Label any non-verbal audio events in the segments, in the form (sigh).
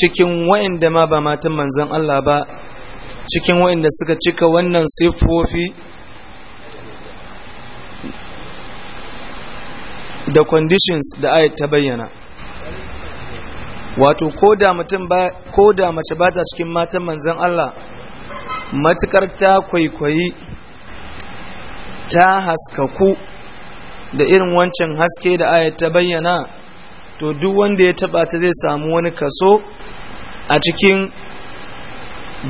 cikin wa'inda ma ba matan manzan Allah ba cikin wa'inda suka cika wannan siffofi da conditions da ayat ta bayyana wato ko da mace ba ta cikin matan manzan Allah matukar ta kwaikwayi ta haskaku da irin wancan haske da ayat ta bayyana to duk wanda ya taba ta zai samu wani kaso a cikin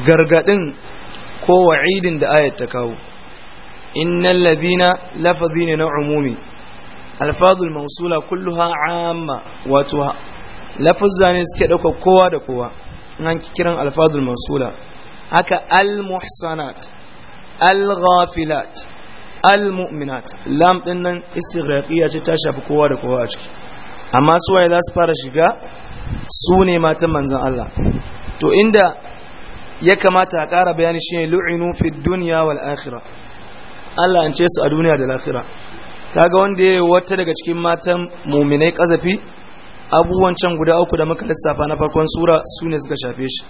gargadin ko wa'idin da ayat ta kawo innal ladina lafazi ne na umumi alfazul mausula kulluha amma wato lafazza ne suke dauka kowa da kowa nan kiran alfazul mausula haka al muhsanat al ghafilat al mu'minat lam din nan ce ta shafi kowa da kowa a ciki amma suwaye za su fara shiga su ne matan manzan Allah to inda ya kamata a ƙara bayani shi ne lu'inu fi duniya wal akhira Allah an ce su a duniya da lafira kaga wanda ya wata daga cikin matan muminai kazafi abubuwan can guda uku da muka lissafa na farkon sura su ne suka shafe shi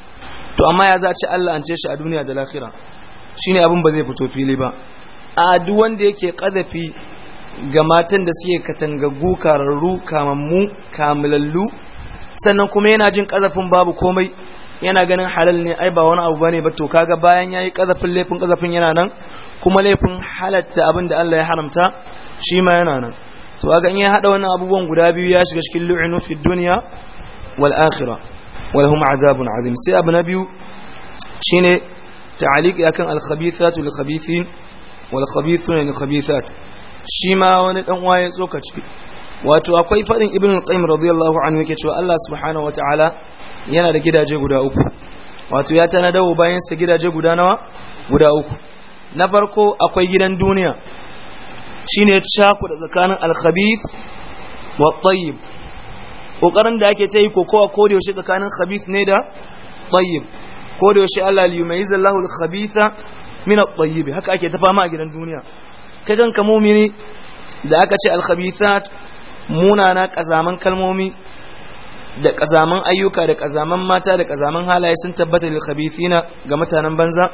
to amma ya za a ce Allah an ce shi a duniya da lafira ne abin ba zai fito fili ba a duk wanda yake kazafi ga matan da suke katangaggu kararru kamammu kamilallu sannan kuma yana jin kazafin babu komai yana ganin halal ne ai ba wani abu bane ba to kaga bayan yayi kazafin laifin kazafin yana nan kuma laifin halatta abin da Allah ya haramta shi ma yana nan to kaga in ya hada wannan abubuwan guda biyu ya shiga cikin lu'inu fi dunya wal akhirah wa lahum azabun azim sai abu na biyu shine ta'aliq yakan al khabithatu lil khabithin wal khabithuna lil khabithat shi ma wani dan waye tsoka ciki wato akwai faɗin ibn al-qayyim radiyallahu anhu yake cewa Allah subhanahu wataala yana da gidaje guda uku wato ya dawo bayan sa gidaje guda nawa guda uku na farko akwai gidan duniya shine cakuda tsakanin al-khabith wa tayyib kokarin da ake tayi ko kowa ko da yaushe tsakanin khabith ne da tayyib ko da yaushe Allah yumayiz Allahu al-khabitha min at-tayyib haka ake ta fama a gidan duniya kagan ka mu'mini da aka ce al-khabithat munana kazaman kalmomi da kazaman ayyuka da kazaman mata da kazaman halaye sun tabbata lil khabithina ga mutanen banza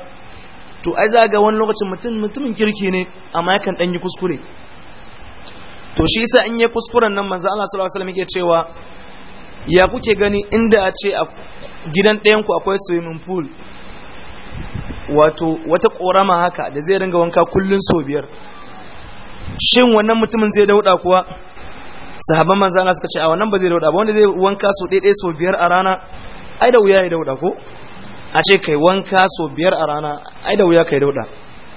to ai za ga wani lokacin mutum mutumin kirki ne amma yakan dan yi kuskure to shi yasa in yi kuskuren nan manzo Allah sallallahu alaihi wasallam yake cewa ya kuke gani inda a ce a gidan ɗayan ku akwai swimming pool wato wata korama haka da zai ringa wanka kullun sau biyar shin wannan mutumin zai dauda kuwa sahabban manzo Allah suka ce a wannan ba zai dauda ba wanda zai wanka so ɗaya so biyar a rana ai da wuya ya dauda ko a ce kai wanka so biyar a rana ai da wuya kai dauda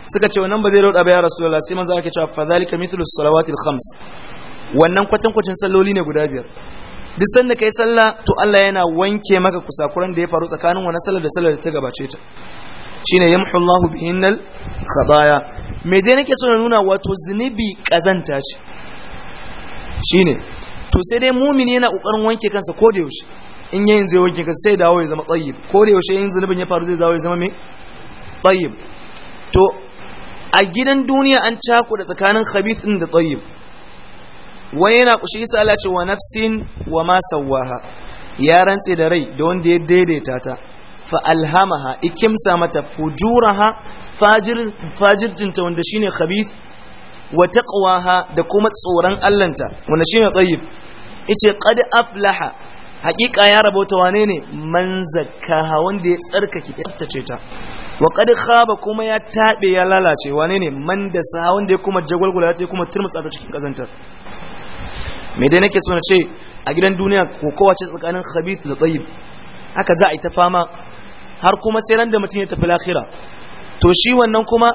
suka ce wannan ba zai dauda ba ya rasulullah sai manzo ake cewa fa zalika mithlu salawatil khams wannan kwatan kwatan salloli ne guda biyar duk sanda kai sallah to Allah yana wanke maka kusakuran da ya faru tsakanin wannan sallar da sallar da ta gabace ta shine yamhu Allahu bihinnal khabaya me dai nake so na nuna wato zunubi kazanta ce shine to sai dai mumini yana kokarin wanke kansa ko da yaushe in yayin zai wanke kansa sai dawo ya zama tayyib ko da yaushe yayin zunubin ya faru zai dawo ya zama me tayyib to a gidan duniya an da tsakanin khabith din da tayyib wani yana kushi isa Allah ce wa nafsin wa ma sawaha ya rantse da rai da wanda ya daidaita ta fa alhamaha ikimsa mata fujuraha fajir ta wanda shine khabith wa taqwaha da kuma tsoron Allahnta wanda shine tayyib yace qad aflaha haqiqa ya rabota wane ne man zakkaha wanda ya tsarkake ya tsaftace ta wa qad khaba kuma ya tabe ya lalace wane ne man da sa wanda ya kuma jagwalgula ya kuma turmutsa ta cikin kazantar me dai nake so na ce a gidan duniya ko ce tsakanin khabith da tayyib haka za a yi ta fama har kuma sai ran da mutum ya tafi lahira to shi wannan kuma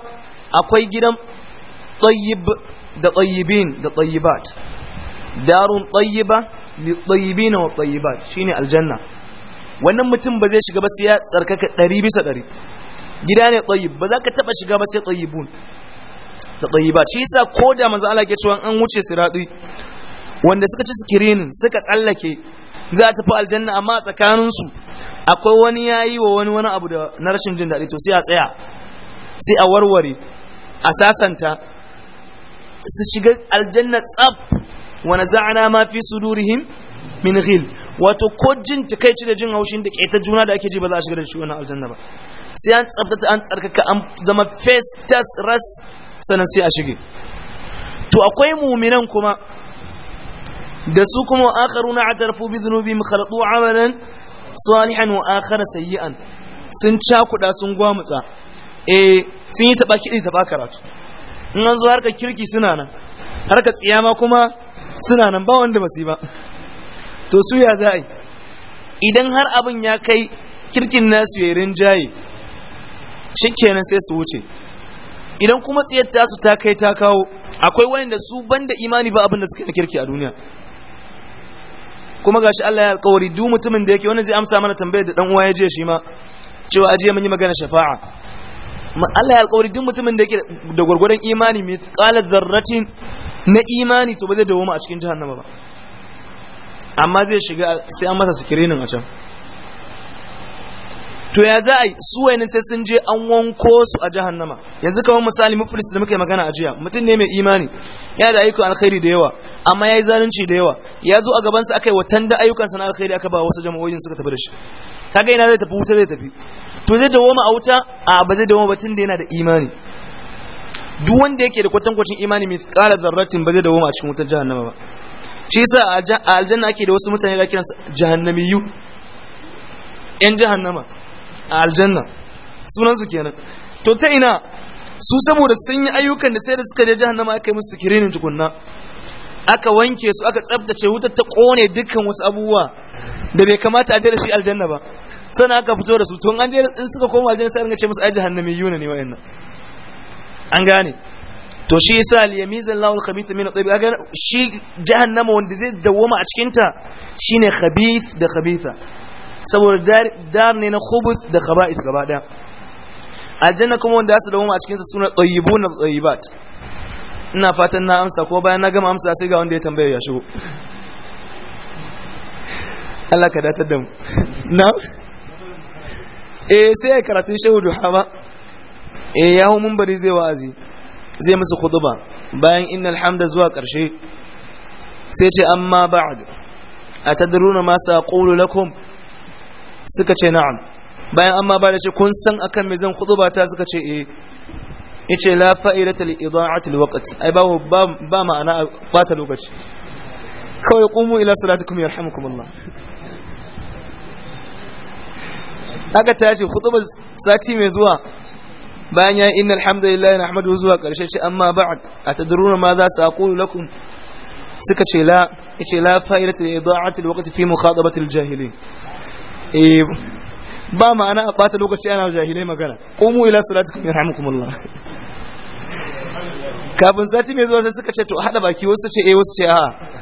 akwai gidan طيب ده طيبين ده طيبات دار tayyiba للطيبين والطيبات wa tayyibat wannan mutum ba zai shiga ba sai ya tsarkaka 100 bisa 100 gida ne tayyib ba za ka taba shiga ba sai tayyibun da tayyibat shi yasa ko da manzo Allah ke cewa an wuce siradi wanda suka ci screening suka tsallake za ta fi aljanna amma tsakaninsu akwai wani ya yi wa wani wani abu da na rashin jin daɗi to sai a tsaya sai a warware a sasanta su shiga aljanna tsab wa naza'na ma fi sudurihim min ghil wato ko jin takaici da jin haushin da keta juna da ake ji ba za a shiga da shi wannan aljanna ba sai an tsabtata an tsarkaka an zama festus ras sannan sai a shige to akwai muminan kuma da su kuma akharuna atarfu bi dhunubi mukhalatu amalan salihan wa akhar sayyi'an sun cakuda sun gwamutsa eh sun yi taba kidi taba karatu in an zo harka kirki suna nan harka tsiyama kuma suna nan ba wanda basu ba to su ya za idan har abin ya kai kirkin nasu ya rinjaye kenan sai su wuce idan kuma tsiyar tasu ta kai ta kawo akwai wanda su banda imani ba abin da suka na kirki a duniya kuma gashi Allah ya alkawari duk mutumin da yake wannan zai amsa mana tambayar da dan uwa ya je shi ma cewa aje mun yi magana shafa'a Allah ya alƙawari duk mutumin da yake da gwargwadon imani mai tsala zarratin na imani to ba zai dawo a cikin jahannama ba amma zai shiga sai an masa sikirinin a can to ya za a su wayanin sai sun je an wanko su a jahannama yanzu kamar misali muflis da muke magana a jiya mutum ne mai imani yana da ayyukan alkhairi da yawa amma ya yi zalunci da yawa ya zo a gabansa aka yi watan da ayyukansa na alkhairi aka ba wasu jama'o'in suka tafi da shi kaga ina zai tafi wuta zai tafi to zai dawo ma a wuta a ba zai dawo ba da yana da imani duk wanda yake da kwatankwacin imani mai tsara zarratin ba zai dawo ma a cikin wutar jahannama ba shi yasa a aljanna ake da wasu mutane da kiransu jihannamiyu? yan jahannama a aljanna sunan su kenan to ta ina su saboda sun yi ayyukan da sai da suka je jahannama aka yi musu kirinin tukunna aka wanke su aka tsabtace wutar ta kone dukkan wasu abubuwa da bai kamata a je da shi aljanna ba sana aka fito da su tun an je in suka koma aljanna sai an ce musu ai jahannami yuna ne wa'annan an gane to shi yasa al yamizan lahu al-khabith min at-tayyib kaga shi jahannama wanda zai dawoma a cikin ta shine khabith da khabitha saboda dar dar ne na khubuth da khaba'ith gaba daya aljanna kuma wanda su dawoma a cikin sa suna tayyibun tayyibat ina fatan na amsa ko bayan na gama amsa sai ga wanda ya tambaye ya shigo (laughs) Allah ka datar da mu (laughs) na'am eh sai ya karatun shehu duhama eh ya mun mumbari zai wa'azi zai musu khutba bayan innal hamda zuwa karshe sai ce amma ba'd atadruna ma saqulu lakum suka ce na'am bayan amma ba da ce kun san akan me zan khutba ta suka ce eh yace la fa'idata li ida'ati alwaqt ai ba ba ma'ana kwata lokaci kawai qumu ila salatikum yarhamukumullah aka tashi hutubar sati mai zuwa bayan ya inna alhamdulillahi nahmadu zuwa karshe ce amma ba'd atadruna ma za su saqulu lakum suka ce la ce la fa'idatu ida'ati alwaqti fi mukhatabati aljahilin eh ba ma'ana a bata lokaci ana jahilai magana qumu ila salatikum yarhamukumullah kafin sati mai zuwa sai suka ce to hada baki wasu ce eh wasu ce a'a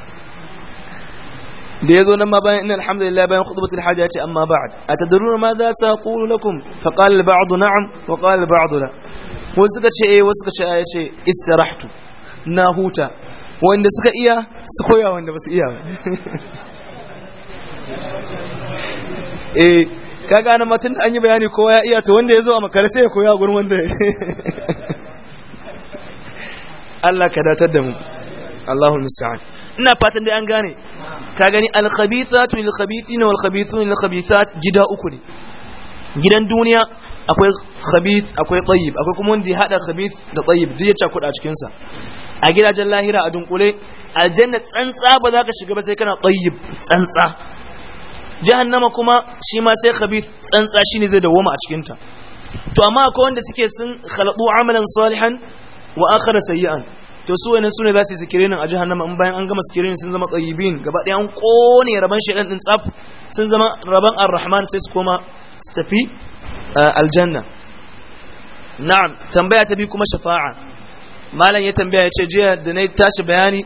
da yazo nan ma bayan inna alhamdulillah bayan khutbatul haja ce amma ba'd atadruna ma za sa qulu lakum fa qala al-ba'd na'am wa qala al-ba'd la wa suka ce eh wa suka ce ya ce istirahtu na huta wanda suka iya su koya wanda basu iya (laughs) eh kaga nan da an yi bayani kowa ya iya to wanda yazo a makare sai ya koya gurin wanda (laughs) Allah ka datar da mu Allahul musta'an ina fatan dai an gane ka gani alkhabithatu lil khabithina wal khabithuna lil khabithat gida uku ne gidan duniya akwai khabith akwai tayyib akwai kuma wanda ya hada khabith da tayyib duk ya cakuda a cikin sa a gidajen lahira a dunkule aljanna tsantsa ba za ka shiga ba sai kana tayyib tsantsa jahannama kuma shi ma sai khabith tsantsa shine zai dawoma a cikin ta to amma akwai wanda suke sun khalaqu amalan salihan wa akhara sayyi'an to su wani su ne za su yi sikirinin a jihannama in bayan an gama sikirinin sun zama ƙayyibin gaba ɗaya an ƙone raban shaidan ɗin tsaf sun zama raban ar-rahman sai su koma su tafi eh, aljanna na'am tambaya ta bi kuma shafa'a malam ya tambaya ya ce jiya da na tashi bayani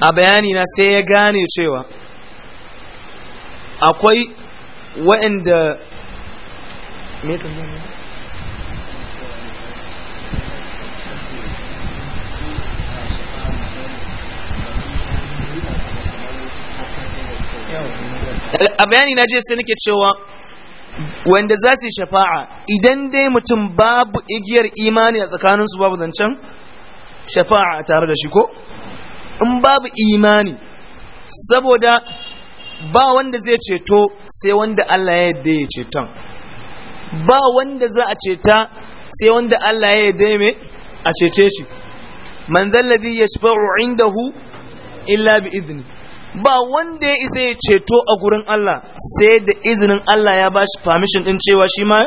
a bayani na sai ya gane cewa akwai wa'anda me tambaya a bayani na je sai nake cewa wanda za su yi shafa'a idan dai mutum babu igiyar imani a tsakaninsu babu zancen shafa'a tare da shi ko in babu imani saboda ba wanda zai ceto sai wanda Allah ya yadda ya ceton ba wanda za a ceta sai wanda Allah ya yadda me a cece shi man zallazi inda indahu illa bi izini ba wanda ya isa ya ceto a gurin Allah sai da izinin Allah ya bashi permission din cewa shi ma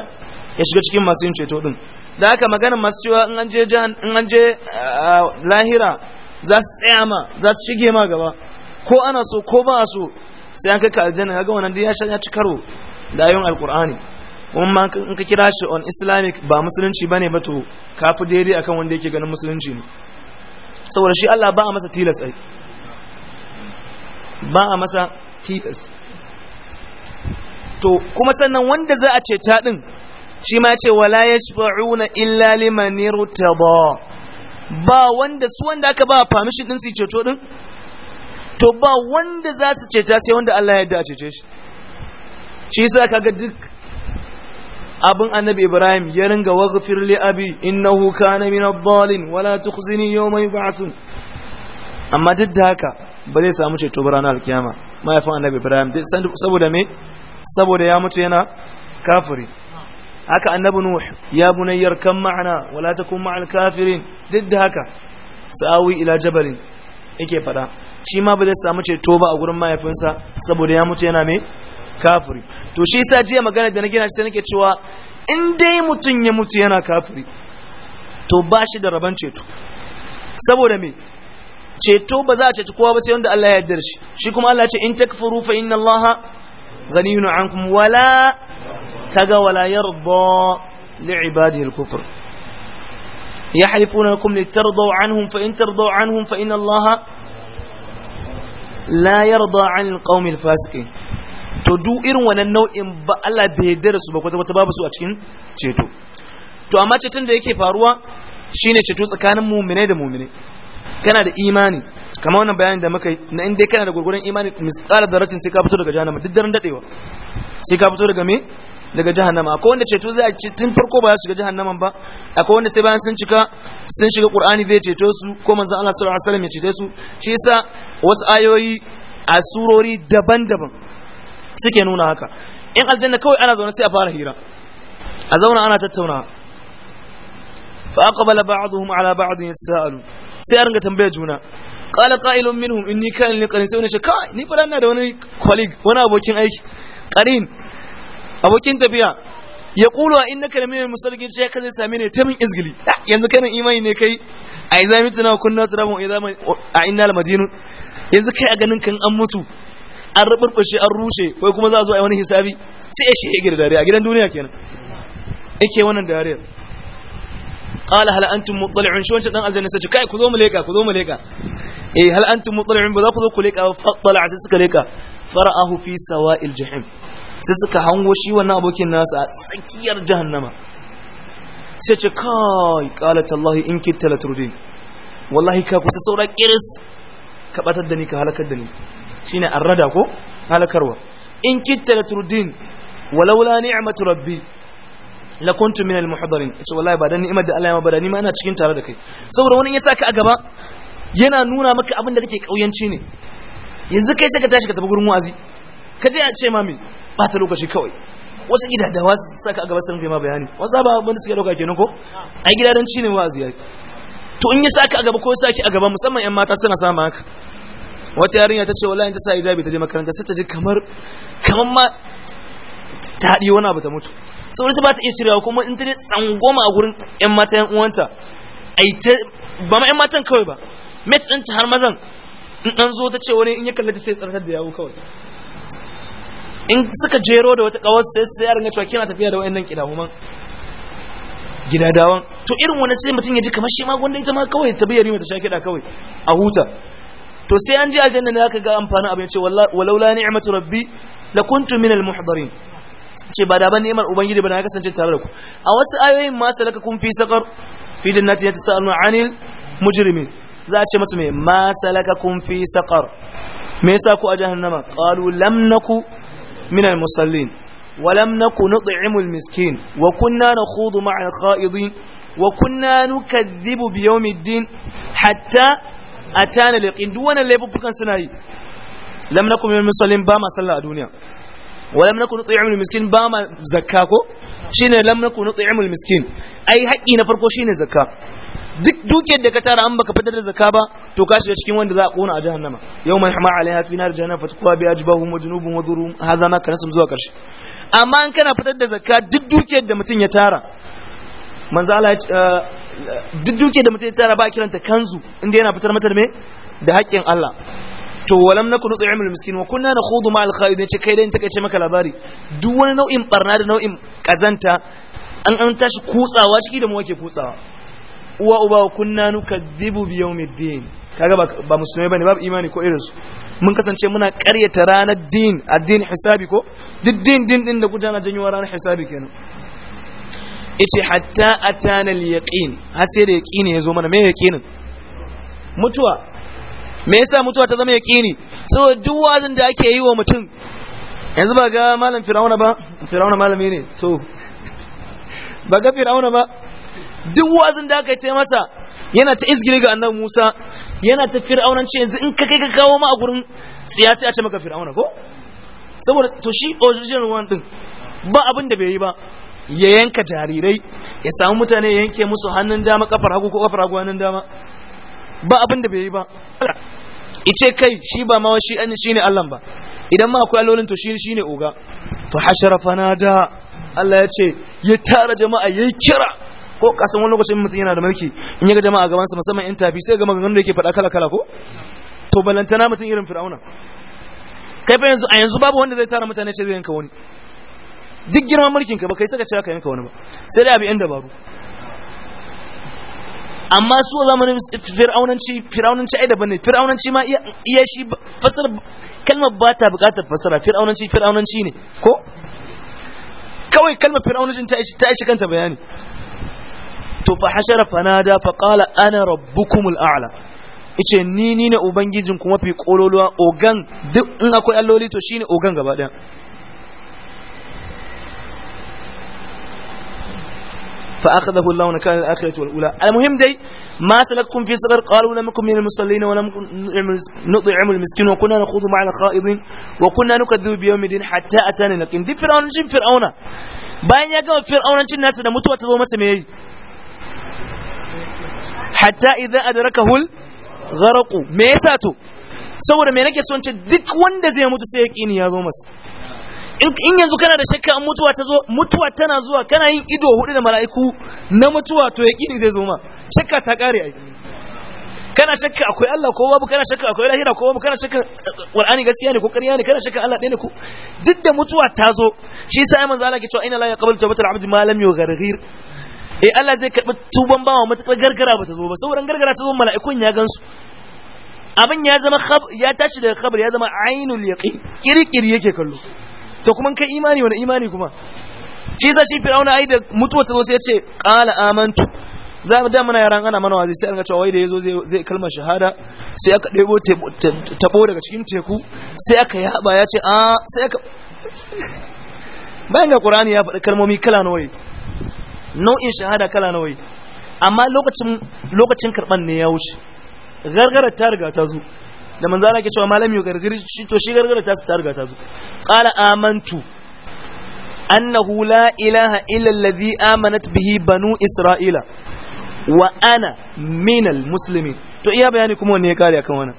ya shiga cikin masu yin ceto din da haka magana masu cewa in an je in an je ah, lahira za su tsaya ma za su shige ma gaba ko ana so ko ba so sai an kai aljanna kaga wannan ya sha ya ci karo da ayoyin alqur'ani kuma in ka kira shi on islamic ba musulunci bane ba to kafi daidai akan wanda yake ganin musulunci ne saboda shi Allah ba a masa tilas aiki ba a masa tilas to kuma sannan wanda za a ceta din shi ma ce wala yashfa'una illa liman irtada ba wanda su wanda aka ba permission din su ceto din to ba wanda za su ceta sai wanda Allah ya yarda a cece shi shi yasa kaga duk abin annabi Ibrahim ya ringa waghfir li abi innahu kana min ad dallin wala tukhzini yawma yub'athun amma duk da haka ba zai samu ceto ba ranar alkiyama mahaifin annabi ibrahim saboda me saboda ya mutu yana kafiri haka annabi nuh ya bunayyar kan ma'ana wala takun ma'al kafirin duk da haka sa'awi ila jabalin yake fada shi ma ba zai samu ceto ba a gurin mahaifinsa saboda ya mutu yana me kafiri to shi yasa jiya magana da na gina sai nake cewa in dai mutum ya mutu yana kafiri to ba shi da rabon ceto saboda me ceto ba za a ceci kowa ba sai wanda Allah ya yarda shi shi kuma Allah ce in takfuru fa inna Allah ghaniyun ankum wala kaga wala yarda li ibadihi al-kufr يحلفون لكم لترضوا عنهم فإن ترضوا عنهم فإن الله لا يرضى عن القوم الفاسقين to duk irin wannan nau'in ba Allah bai yarda su ba kwata ta babu su a cikin ceto to amma ceton da yake faruwa shine ceto tsakanin mu'mine da mu'mine kana da imani kamar wannan bayanin da muka yi na in dai kana da gurgurun imani misqala daratin sai ka fito daga jahannama duk daren dadewa sai ka fito daga me daga jahannama akwai wanda ceto zai ci tun farko ba ya shiga jahannaman ba akwai wanda sai bayan sun cika sun shiga qur'ani zai ceto su ko manzon Allah sallallahu alaihi wasallam ya ceto su shi yasa wasu ayoyi a surori daban-daban suke nuna haka in aljanna kawai ana zaune sai a fara hira a zauna ana tattauna fa aqbala ba'dhum ala ba'd yatasaalu sai a ringa tambaya juna qala qa'ilun minhum inni kana li qarin sai wani ce kai ni fara na da wani colleague wani abokin aiki qarin abokin tafiya ya kulu a innaka la minal musallin ce ka zai same ne ta min izgili ah, yanzu kana imani ne kai a idza mitna kunna turabun idza a inna la madinun yanzu kai a ganin kan an mutu an ruburbushe an rushe kai kuma za a zo a yi wani hisabi sai ya shege da dariya a gidan duniya kenan yake wannan dariyar qala hal antum muttali'un shi wancan dan aljanna sai kai ku zo mu leka ku mu leka eh hal antum ba za ku zo ku leka fa tala'a suka leka fara'ahu fi sawa'il jahim sai suka hango shi wannan abokin nasa a tsakiyar jahannama sai ce kai qalat allah in kitta la turdin wallahi ka kusa saura ka in turdin walaula ni'matu rabbi la kuntu minal muhdarin ce wallahi ba dan ni'imar da Allah ya mabada ni ma ina cikin tare da kai saboda wani ya saka a gaba yana nuna maka abin da kake kauyanci ne yanzu kai sai ka tashi ka tafi gurin wazi ka je a ce ma mi ba ta lokaci kawai wasu gidadawa su saka a gaba sun kai ma bayani wasu ba abin da suke dauka kenan ko ai gidadanci ne wazi yayi to in ya saka a gaba ko ya saki a gaba musamman yan mata suna sama haka wata yarinya ta ce wallahi ta sa hijabi ta je makaranta sai ta ji kamar kamar ma ta haɗi wani abu ta mutu saboda ba ta iya cirewa kuma in ta ne tsangoma a gurin yan mata yan uwanta ai ta ba ma yan matan kawai ba mate ɗin ta har mazan in ɗan zo ta ce wani in ya kalli ta sai tsartar da yawo kawai in suka jero da wata kawar sai sai ya ringa cewa kina tafiya da wayannan kidamuman gidadawan to irin wani sai mutum ya ji kamar shi ma gwanda ita ma kawai ta bayyana mata sha da kawai a huta to sai an je aljanna ne aka ga amfanin abin ce wallahi walaula ni'matu rabbi lakuntu al muhdarin ce ba da ban ni'imar ubangiji ba na kasance tare da ku a wasu ayoyin ma salaka kun fi sakar fi jannati yatasaaluna 'anil mujrimin za a ce musu me ma salaka kun fi sakar me yasa ku a jahannama qalu lam naku minal musallin wa lam naku nut'imul miskin wa kunna nakhudu ma'al kha'idin wa kunna kadibu bi yawmiddin hatta atana liqin duk laifukan laifuffukan suna yi lam min musallin ba ma sallah a duniya wa lam nakun nut'imul miskin ba ma zakka ko shine lam nakun nut'imul miskin ai haƙi na farko shine zakka duk dukiyar da ka tara an baka fitar da zakka ba to ka shiga cikin wanda za a kona a jahannama yawman hama alaiha fi nar jahannama fatqwa bi ajbahum wa junubum wa dhurum hadha ma kana zuwa karshe amma an kana fitar da zakka duk dukiyar da mutum ya tara manzo Allah eh, duk dukiyar da mutum ya tara ba kiranta kanzu inda yana fitar mata da me da haƙƙin Allah to walam naku nut'imul miskin wa kunna nakhudu ma al-khalidin ce kai dai take ce maka labari duk wani nau'in barna da nau'in kazanta an an tashi kutsawa ciki da mu wake kutsawa uwa uba kunna nukadzibu bi yawmiddin kaga ba ba musulmai bane babu imani ko irin su mun kasance muna karyata ranar din addin hisabi ko duk din din din da na janyo ranar hisabi kenan ita hatta atana al-yaqin har sai da yaqini yazo mana me yaqinin mutuwa me yasa mutuwa ta zama yaqini saboda duk wazin da ake yi wa mutum yanzu ba ga malam fir'auna ba fir'auna malami ne to ba ga fir'auna ba duk wazin da aka yi masa yana ta izgiri ga annabi Musa yana ta fir'aunanci yanzu in ka kai ka kawo ma a gurin siyasi a ce maka fir'auna ko saboda to shi original one din ba abin da bai yi ba ya yanka jarirai ya samu mutane ya yanke musu hannun dama kafar hagu ko kafar hagu hannun dama ba abin da bai yi ba ice kai shi ba ma shi an shine Allah ba idan ma akwai alolin to shi shine oga fa hashara fanada Allah ya ce ya tara jama'a yayi kira ko kasan wani lokacin mutum yana da mulki in yaga jama'a gaban sa musamman in tafi sai ga maganganun da yake faɗa kala kala ko to balantana mutum irin fir'auna kai fa yanzu a yanzu babu wanda zai tara mutane ce zai yanka wani duk girman mulkin ka ba kai saka cewa ka yanka wani ba sai dai abi yan dabaru amma su a zamanin fir'aunanci fir'aunanci ai daban ne fir'aunanci ma iya shi fasara kalmar ba ta bukatar fasara fir'aunanci fir'aunanci ne ko kawai kalmar fir'aunancin ta ishi kanta bayani to fa hashara fanada fa qala ana rabbukumul a'la yace ni ni ne ubangijin kuma fi kololuwa ogan duk in akwai alloli to shine ogan gaba daya فأخذه الله نكال الآخرة والأولى المهم دي ما سلككم في سقر قالوا لم نكن من المصلين ولم نطعم المسكين وكنا نخوض مع الخائضين وكنا نكذب بيوم الدين حتى أتانا لكن دي فرعون جن فرعون باين يا جماعة فرعون جن ناس da mutuwa ta zo masa me hatta idza adrakahu al-gharq me yasa to saboda me nake son ce duk wanda zai mutu sai yaqini ya zo masa in yanzu kana da shakka an mutuwa ta zo mutuwa tana zuwa kana yin ido hudu da mala'iku na mutuwa to yaqini zai zo ma shakka ta kare ai kana shakka akwai Allah ko babu kana shakka akwai lahira ko babu kana shakka eh, Qur'ani gaskiya ne ko ƙarya ne kana shakka Allah ɗaya ne ko duk da mutuwa ta zo shi yasa ai manzo Allah ke cewa inna la yaqbalu tawbatal abdi ma lam yugharghir eh Allah zai karbi tuban bawa matakar gargara ba ta zo ba sauran gargara ta zo mala'ikun ya gansu abin ya zama ya tashi daga khabar ya zama ainul yaqin kirkiri yake kallo to kuma kai imani wani imani kuma shi sa shi fir'auna ai da mutuwa ta zo sai ya ce qala amantu za mu da muna yaran ana mana wazi sai an ga cewa wai da yazo zai zai kalmar shahada sai aka debo tabo daga cikin teku sai aka yaba ya ce a sai aka (laughs) bayan da qur'ani ya faɗi kalmomi kala nawa nau'in shahada kala nawa amma lokacin lokacin karban ne ya wuce Gargara ta riga ta zo da manzo Allah ke cewa malami gargari shi to shi gargara ta su ta riga ta zo qala amantu annahu la ilaha illa alladhi amanat bihi banu isra'ila wa ana minal almuslimin to iya bayani kuma wanne ya kare akan wannan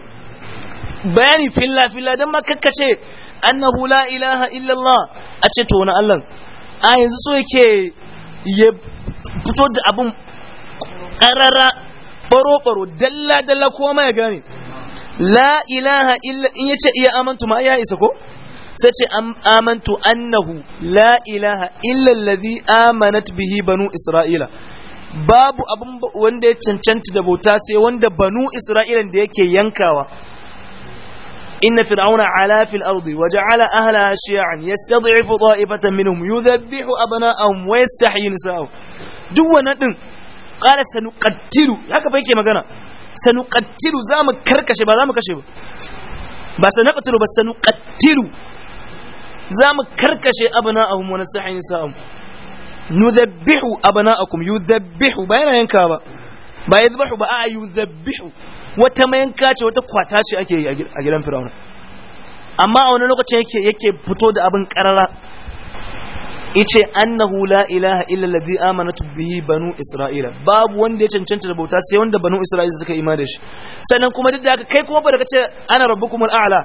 bayani filla filla dan ma kakkace annahu la ilaha illa allah a ce to wani allah a yanzu so yake ya fito da abun karara baro baro dalla dalla koma ya gane la ilaha illa in yace iya amantu ma ya isa ko sai ce amantu annahu la ilaha illa allazi amanat bihi banu isra'ila babu abin wanda ya cancanta da bauta sai wanda banu isra'ila da yake yankawa inna fir'auna ala fil ardi wa ja'ala ahlaha shi'an yastad'ifu ta'ifatan minhum yudhabbihu abna'ahum wa yastahyi nisa'ahum duk wannan din qala sanuqattilu haka fa yake magana za mu karkashe ba za mu kashe ba ba sanuƙattiru ba Za mu karkashe a nu zabbihu nasahini a kuma abna'akum zabbihu ba yana yanka ba ba zabbihu ba a zabbihu wata mayanka ce wata kwata ce ake yi a gidan fir'auna amma a wani lokacin yake fito da abin ƙarara. ice annahu la ilaha illa alladhi amanat bihi banu isra'ila babu wanda ya cancanta da bauta sai wanda banu isra'ila suka imani da shi sannan kuma duk da haka kai kuma ba da kace ana rabbukumul a'la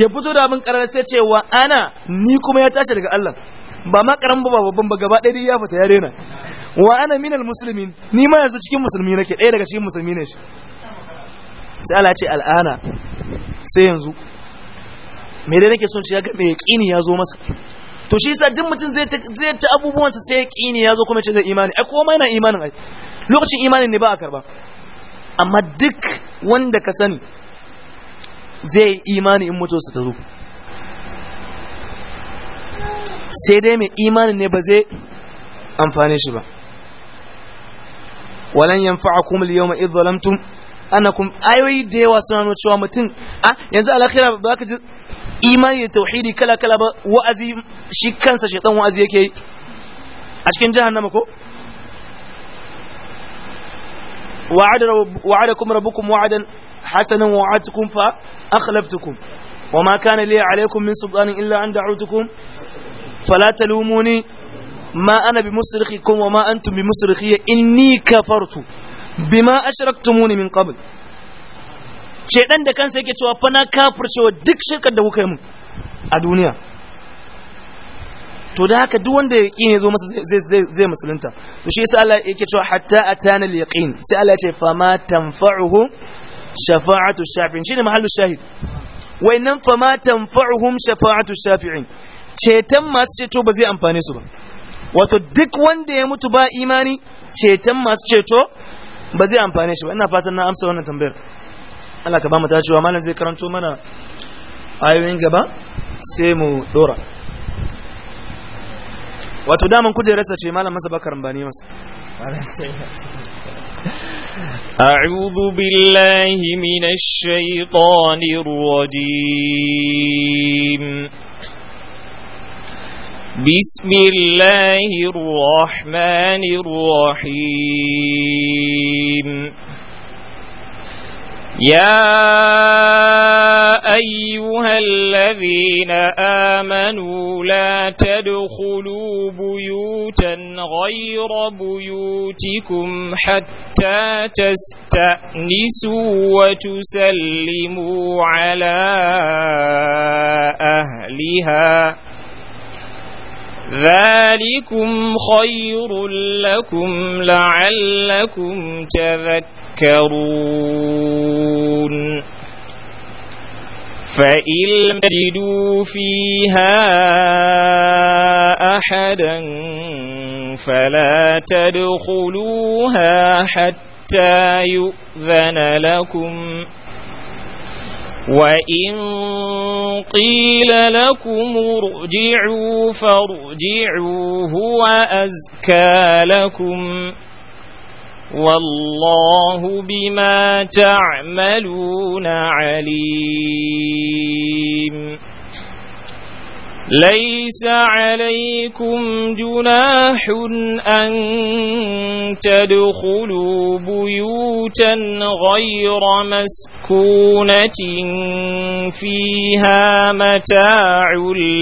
ya fito da abin karar sai ce wa ana ni kuma ya tashi daga Allah ba ma karam ba babban ba gaba ɗaya ya fita ya rena wa ana minal muslimin ni ma yanzu cikin musulmi nake ɗaya daga cikin musulmi ne shi sai Allah ce al'ana sai yanzu me dai nake son ci ya ga me yaqini ya zo masa to shi yasa duk mutum zai zai ta abubuwansa sai ya kini ya zo kuma ce zai imani ai komai na imanin ai lokacin imanin ne ba a karba amma duk wanda ka sani zai yi imani in mutuwarsa ta zo sai dai mai imanin ne ba zai amfane shi ba walan yanfa'akum al-yawma idh zalamtum annakum ayoyi da yawa suna nuna cewa mutum a yanzu alakhira ba ka ji imanin tauhidi kala-kala ba wa'azi shi kansa shaitan wa'azi yake yi a cikin jahannama ko wa'ada kuma rabukum wa'adan hasanan wa'atukum fa akhlaftukum wa ma kana li alaykum min sultanin illa an da'utukum fala talumuni ma ana bi musrikhikum wa ma antum bi musrikhiy inni kafartu bima ashraktumuni min qabl shedan da kansa yake cewa fa na kafircewa duk shirkar da kuka yi mun a duniya to da haka duk wanda ne zo masa zai zai musulunta to shi yasa Allah yake cewa hatta atana al-yaqin sai Allah ya ce fa ma tanfa'uhu shafa'atu shafi'in shine mahallu shahid wayannan fa ma tanfa'uhum shafa'atu shafi'in ceton masu ceto ba zai amfane su ba wato duk wanda ya mutu ba imani ceton masu ceto ba zai amfane shi ba ina fatan na amsa wannan tambayar Allah ka ba mu dacewa malam zai karanto mana ayoyin gaba sai mu dora wato daman rasa ce malam masa bakar ba ne masa أعوذ بالله من الشيطان الرجيم بسم الله الرحمن الرحيم يا أيها الذين آمنوا لا تدخلوا بيوتا غير بيوتكم حتى تستأنسوا وتسلموا على أهلها ذلكم خير لكم لعلكم تذكرون تذكرون فإن لم تجدوا فيها أحدا فلا تدخلوها حتى يؤذن لكم وَإِن قِيلَ لَكُمْ ارْجِعُوا فَارْجِعُوا هُوَ أَزْكَى لَكُمْ والله بما تعملون عليم ليس عليكم جناح أن تدخلوا بيوتا غير مسكونة فيها متاع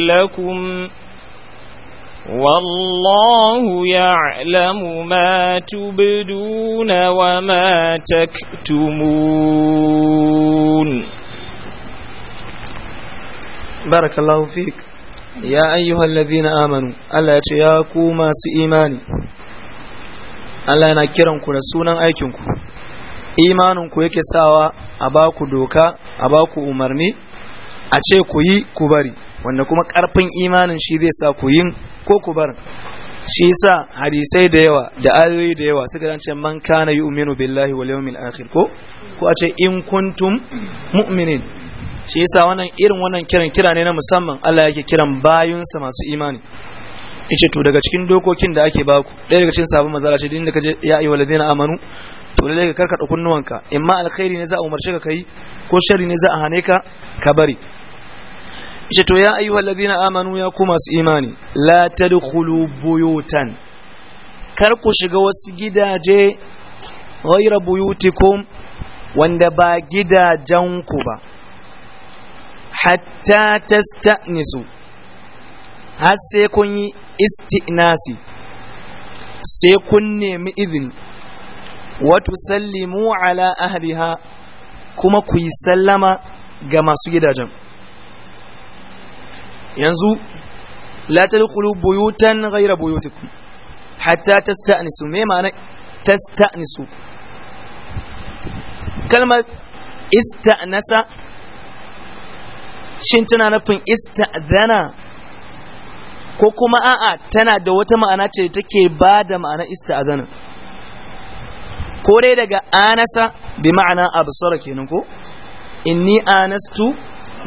لكم والله يعلم ما تبدون وما تكتمون بارك الله فيك يا أيها الذين آمنوا ألا تياكوا ما إيماني ألا نكرنكم سونا أيكنكم imaninku yake sawa a baku doka a baku umarni a ce ku yi ku bari wanda kuma karfin imanin shi zai sa ku yin ko ku bar shi yasa hadisai da yawa da ayoyi da yawa suka dace man kana yu'minu billahi wal yawmil akhir ko ko a ce in kuntum mu'minin shi yasa wannan irin wannan kiran kira ne na musamman Allah yake kiran bayunsa masu imani yace to daga cikin dokokin da ake baku ɗaya daga cikin sabon mazala ce din da kaje ya ayyuhal ladina amanu to lalle ka karkada kunnuwanka imma alkhairi ne za a umarce ka kai ko sharri ne za a hane ka ka bari ce to ya ayyuhal ladina amanu ya ku masu imani la tadkhulu buyutan kar ku shiga wasu gidaje ghayra buyutikum wanda ba gidajenku ku ba hatta tasta'nisu har sai kun yi istinasi sai kun nemi izini wa tusallimu ala ahliha kuma ku yi sallama ga masu gidajen yanzu la tadkhulu buyutan ghayra buyutikum hatta tasta'nisu me ma'ana tasta'nisu kalmar ista'nasa shin tana nufin ista'dana ko kuma a'a tana da wata ma'ana ce da take ba da ma'ana ista'dana ko dai daga anasa bi ma'ana absara kenan ko inni anastu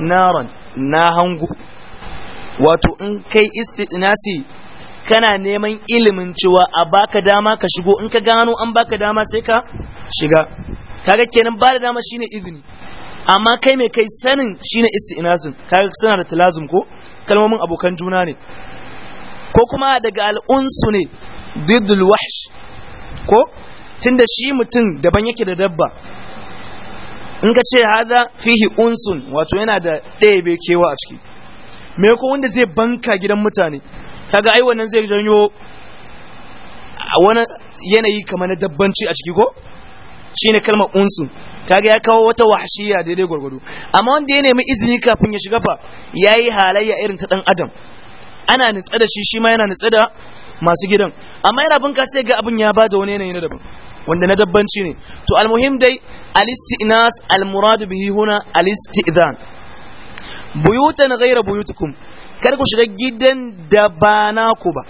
naran na hangu wato in kai istinasi kana neman ilimin cewa a baka dama ka shigo in ka gano an baka dama sai ka shiga kaga kenan ba da dama shine izini amma kai mai kai sanin shine istinasin kaga suna da talazum ko kalmomin abokan juna ne ko kuma daga al'unsu ne didul wahsh ko tunda shi mutum daban yake da dabba in ka ce haza fihi unsun wato yana da ɗaya kewa a ciki me ko wanda zai banka gidan mutane kaga ai wannan zai janyo wani yanayi kamar na dabbanci a ciki ko shine kalmar unsu kaga ya kawo wata wahshiya daidai gwargwado amma wanda ya nemi izini kafin ya shiga fa yayi halayya irin ta dan adam ana nitsa da shi shi ma yana nitsa da masu gidan amma yana banka sai ga abin ya bada wani yanayi na daban wanda na dabbanci ne to almuhim dai alistinas almuradu bihi huna alistidan buyutan ghayra buyutikum kar ku shiga gidan da ba naku ba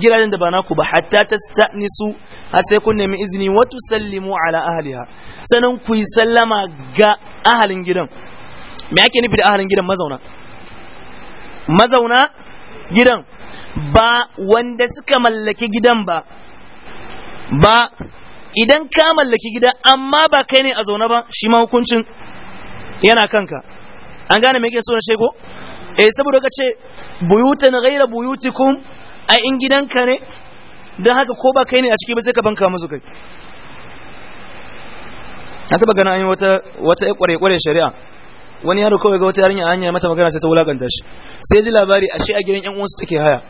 gidajen da ba naku ba hatta tastanisu har sai kun nemi izini wa tusallimu ala ahliha sanan ku yi sallama ga ahalin gidan me ake nufi da ahalin gidan mazauna mazauna gidan ba wanda suka mallaki gidan ba ba idan ka mallaki gida amma ba kai ne a zaune ba shi ma hukuncin yana kanka an gane me yake so na shego eh saboda kace buyutan ghaira buyutikum a in gidanka ne dan haka ko ba kai ne a ciki ba sai ka banka musu kai na taba gana an yi wata wata kware kware shari'a wani yaro kawai ga wata yarinya a hanya mata magana sai ta wulakanta shi sai ji labari a shi a gidan yan uwansu take haya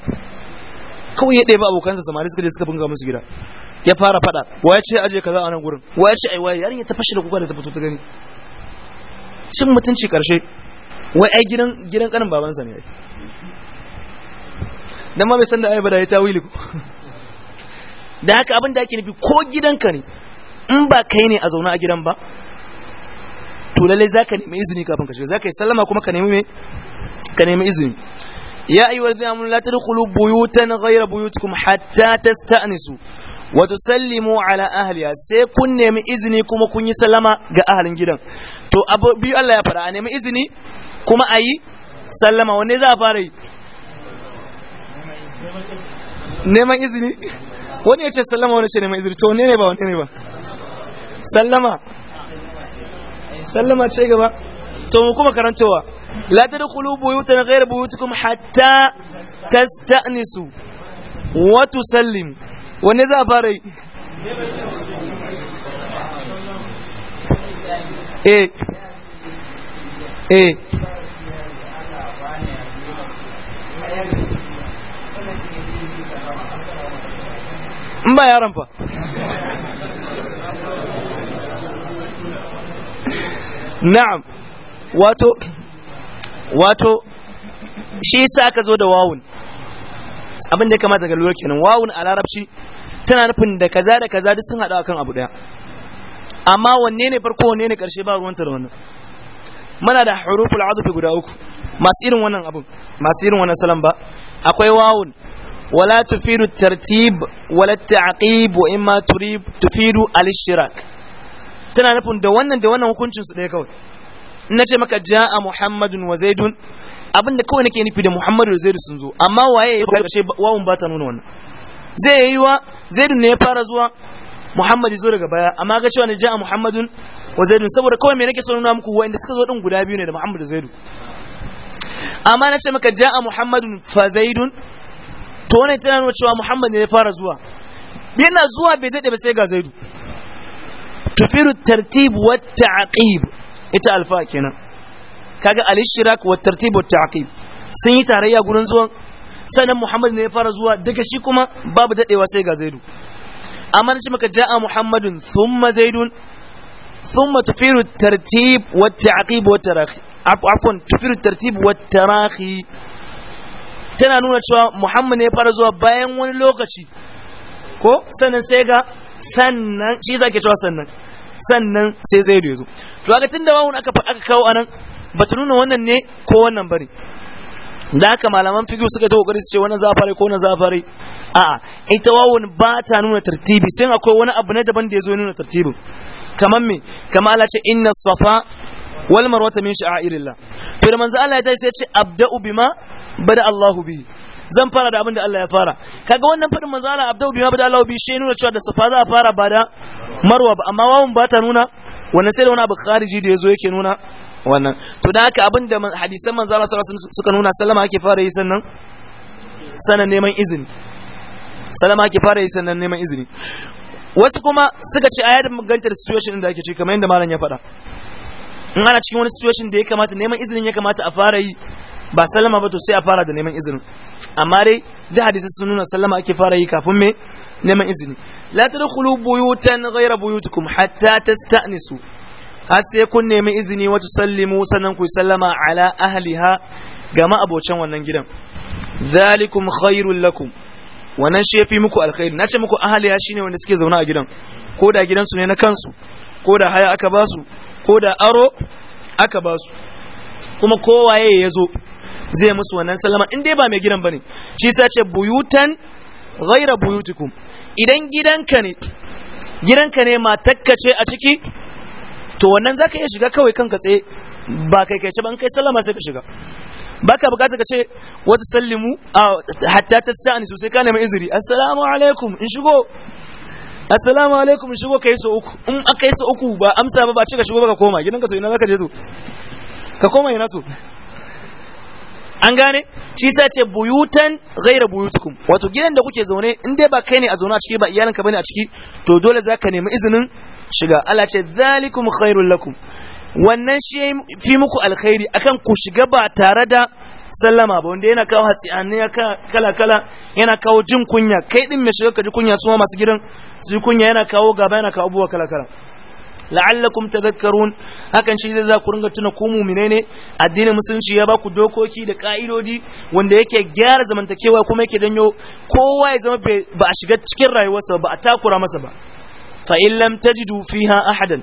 kawai ya ba abokansa samari suka je suka bunga musu gida ya fara fada wa ya ce aje kaza a nan gurin wa ya ce ai waye yarinya ta fashe da kuka da ta fito ta gani shin mutunci karshe wai ai gidan gidan kanin babansa ne dan ma bai san da ai bada da ya tawili ko (laughs) da haka abin da ake nufi ko gidanka ne in ba kai ne a zauna a gidan ba to lalle zaka nemi izini kafin ka shiga zaka yi sallama kuma ka nemi ka nemi izini ya ayyuhal ladina amanu la tadkhulu buyutan ghayra buyutikum hatta tasta'nisu wa tusallimu ala ahliha sai kun nemi izini kuma kun yi sallama ga ahalin gidan to abu biyu Allah ya fara a nemi izini kuma a yi sallama wanne za a fara yi neman izini wani ya ce sallama wani ce neman izini to wanne ne ba wanne ne ba sallama sallama ce gaba to mu kuma karantawa la tadkhulu buyu ta kuma hatta tasta'nisu Watu sallim wanne za a fara yi eh eh in ba yaron fa na'am wato wato shi yasa aka zo da wawun abin da ya kamata ga lura kenan wawun a larabci tana nufin da kaza da kaza duk sun hada akan abu daya amma wanne ne farko wanne ne karshe ba ruwanta da wannan muna da huruful adufi guda uku masu irin wannan abun masu irin wannan salam ba akwai wawun wala tufidu tartib wala ta'qib wa imma turib tufidu al-ishtirak tana nufin da wannan da wannan hukuncin su ɗaya kawai in nace maka ja'a muhammadun wa zaidun abinda kawai nake nufi da muhammadu da zaidu sun zo amma waye ya karshe wawun ba ta nuna wannan zai yi wa zaidun ne ya fara zuwa Muhammad zo daga baya amma ga cewa ne ja'a Muhammadun wa Zaidun saboda kawai me nake so nuna muku inda suka zo din guda biyu ne da Muhammad da Zaidu amma na ce maka ja'a Muhammadun fa Zaidun to ne tana nuna cewa Muhammad ne ya fara zuwa yana zuwa bai dade ba sai ga Zaidu tufiru tartib wa ta'qib ita alfa kenan kaga al-ishtirak wa tartib wa ta'qib sun yi tarayya gurin zuwan sanan Muhammad ne ya fara zuwa daga shi kuma babu dadewa sai ga Zaidu amma ce maka ja'a muhammadun thumma zaidun thumma tufiru tartib wa ta'qib wa tarahi afwan tafiru tartib wa tarahi tana nuna cewa muhammad ne fara zuwa bayan wani lokaci ko sannan sai ga sannan shi za ke cewa sannan sannan sai zaidu ya zo to ga tunda da aka aka kawo anan ba ta nuna wannan ne ko wannan bari? da haka malaman fiqh suka ta kokari su ce wannan zafare ko wannan zafare a'a ita wawun ba ta nuna tartibi sai akwai wani abu na daban da ya zo nuna tartibin kamar me kamar Allah ce inna safa wal marwata min sha'airillah to da manzo Allah ya tashi sai ya ce abda'u bima bada Allahu bihi zan fara da abin da Allah ya fara kaga wannan fadin manzo Allah abda'u bima bada Allahu bihi shi nuna cewa da safa za a fara bada marwa ba amma wawun ba ta nuna wannan sai da wani abu khariji da ya yazo yake nuna wannan to da haka abinda hadisan manzo Allah sallallahu alaihi suka nuna sallama ake fara yi sannan sanan neman izini sallama ake fara yi sannan neman izini wasu kuma suka ce a yadda maganta da situation da ake ce kamar yadda malam ya faɗa in ana cikin wani situation da ya kamata neman izinin ya kamata a fara yi ba sallama ba to sai a fara da neman izinin amma dai da hadisi sun nuna sallama ake fara yi kafin me neman izini la tadkhulu buyutan ghayra buyutikum hatta tasta'nisu har sai kun nemi izini wata sallimu sannan ku sallama ala ahliha ga abocan wannan gidan zalikum khairul lakum wannan shi yafi muku alkhairi nace muku ahliha shine wanda suke zauna a gidan ko da gidansu ne na kansu ko da haya aka basu ko da aro aka basu kuma kowaye ya zo zai musu wannan sallama in dai ba mai gidan bane shi sa ce buyutan ghaira buyutikum idan gidanka ne gidanka ne matakka ce a ciki to wannan zaka iya shiga kawai kanka tsaye ba kai kai ce ban kai sallama sai ka shiga baka bukata ka ce wa sallimu hatta ta so sosai ka nemi izini assalamu alaikum in shigo assalamu alaikum in shigo kai so uku in aka yi so uku ba amsa ba ba ci ka shigo ba ka koma gidanka so ina zaka je so ka koma ina so an gane shi sa ce buyutan ghaira buyutukum wato gidan da kuke zaune in dai ba kai ne a zaune a ciki ba iyalin ka bane a ciki to dole zaka nemi izinin shiga Allah ce zalikum khairul lakum wannan shi fi muku alkhairi akan ku shiga ba tare da sallama ba wanda yana kawo ya kala kala yana kawo jin kunya kai din mai shiga ka kunya suma masu gidan su kunya yana kawo gaba yana kawo abubuwa kala kala la'allakum tadhakkarun hakan shi zai za ku ringa tuna ku mu'mine ne addinin musulunci ya ba ku dokoki da ka'idodi wanda yake gyara zamantakewa kuma yake danyo kowa ya zama ba a shiga cikin rayuwarsa ba a takura masa ba fa in lam tajidu fiha ahadan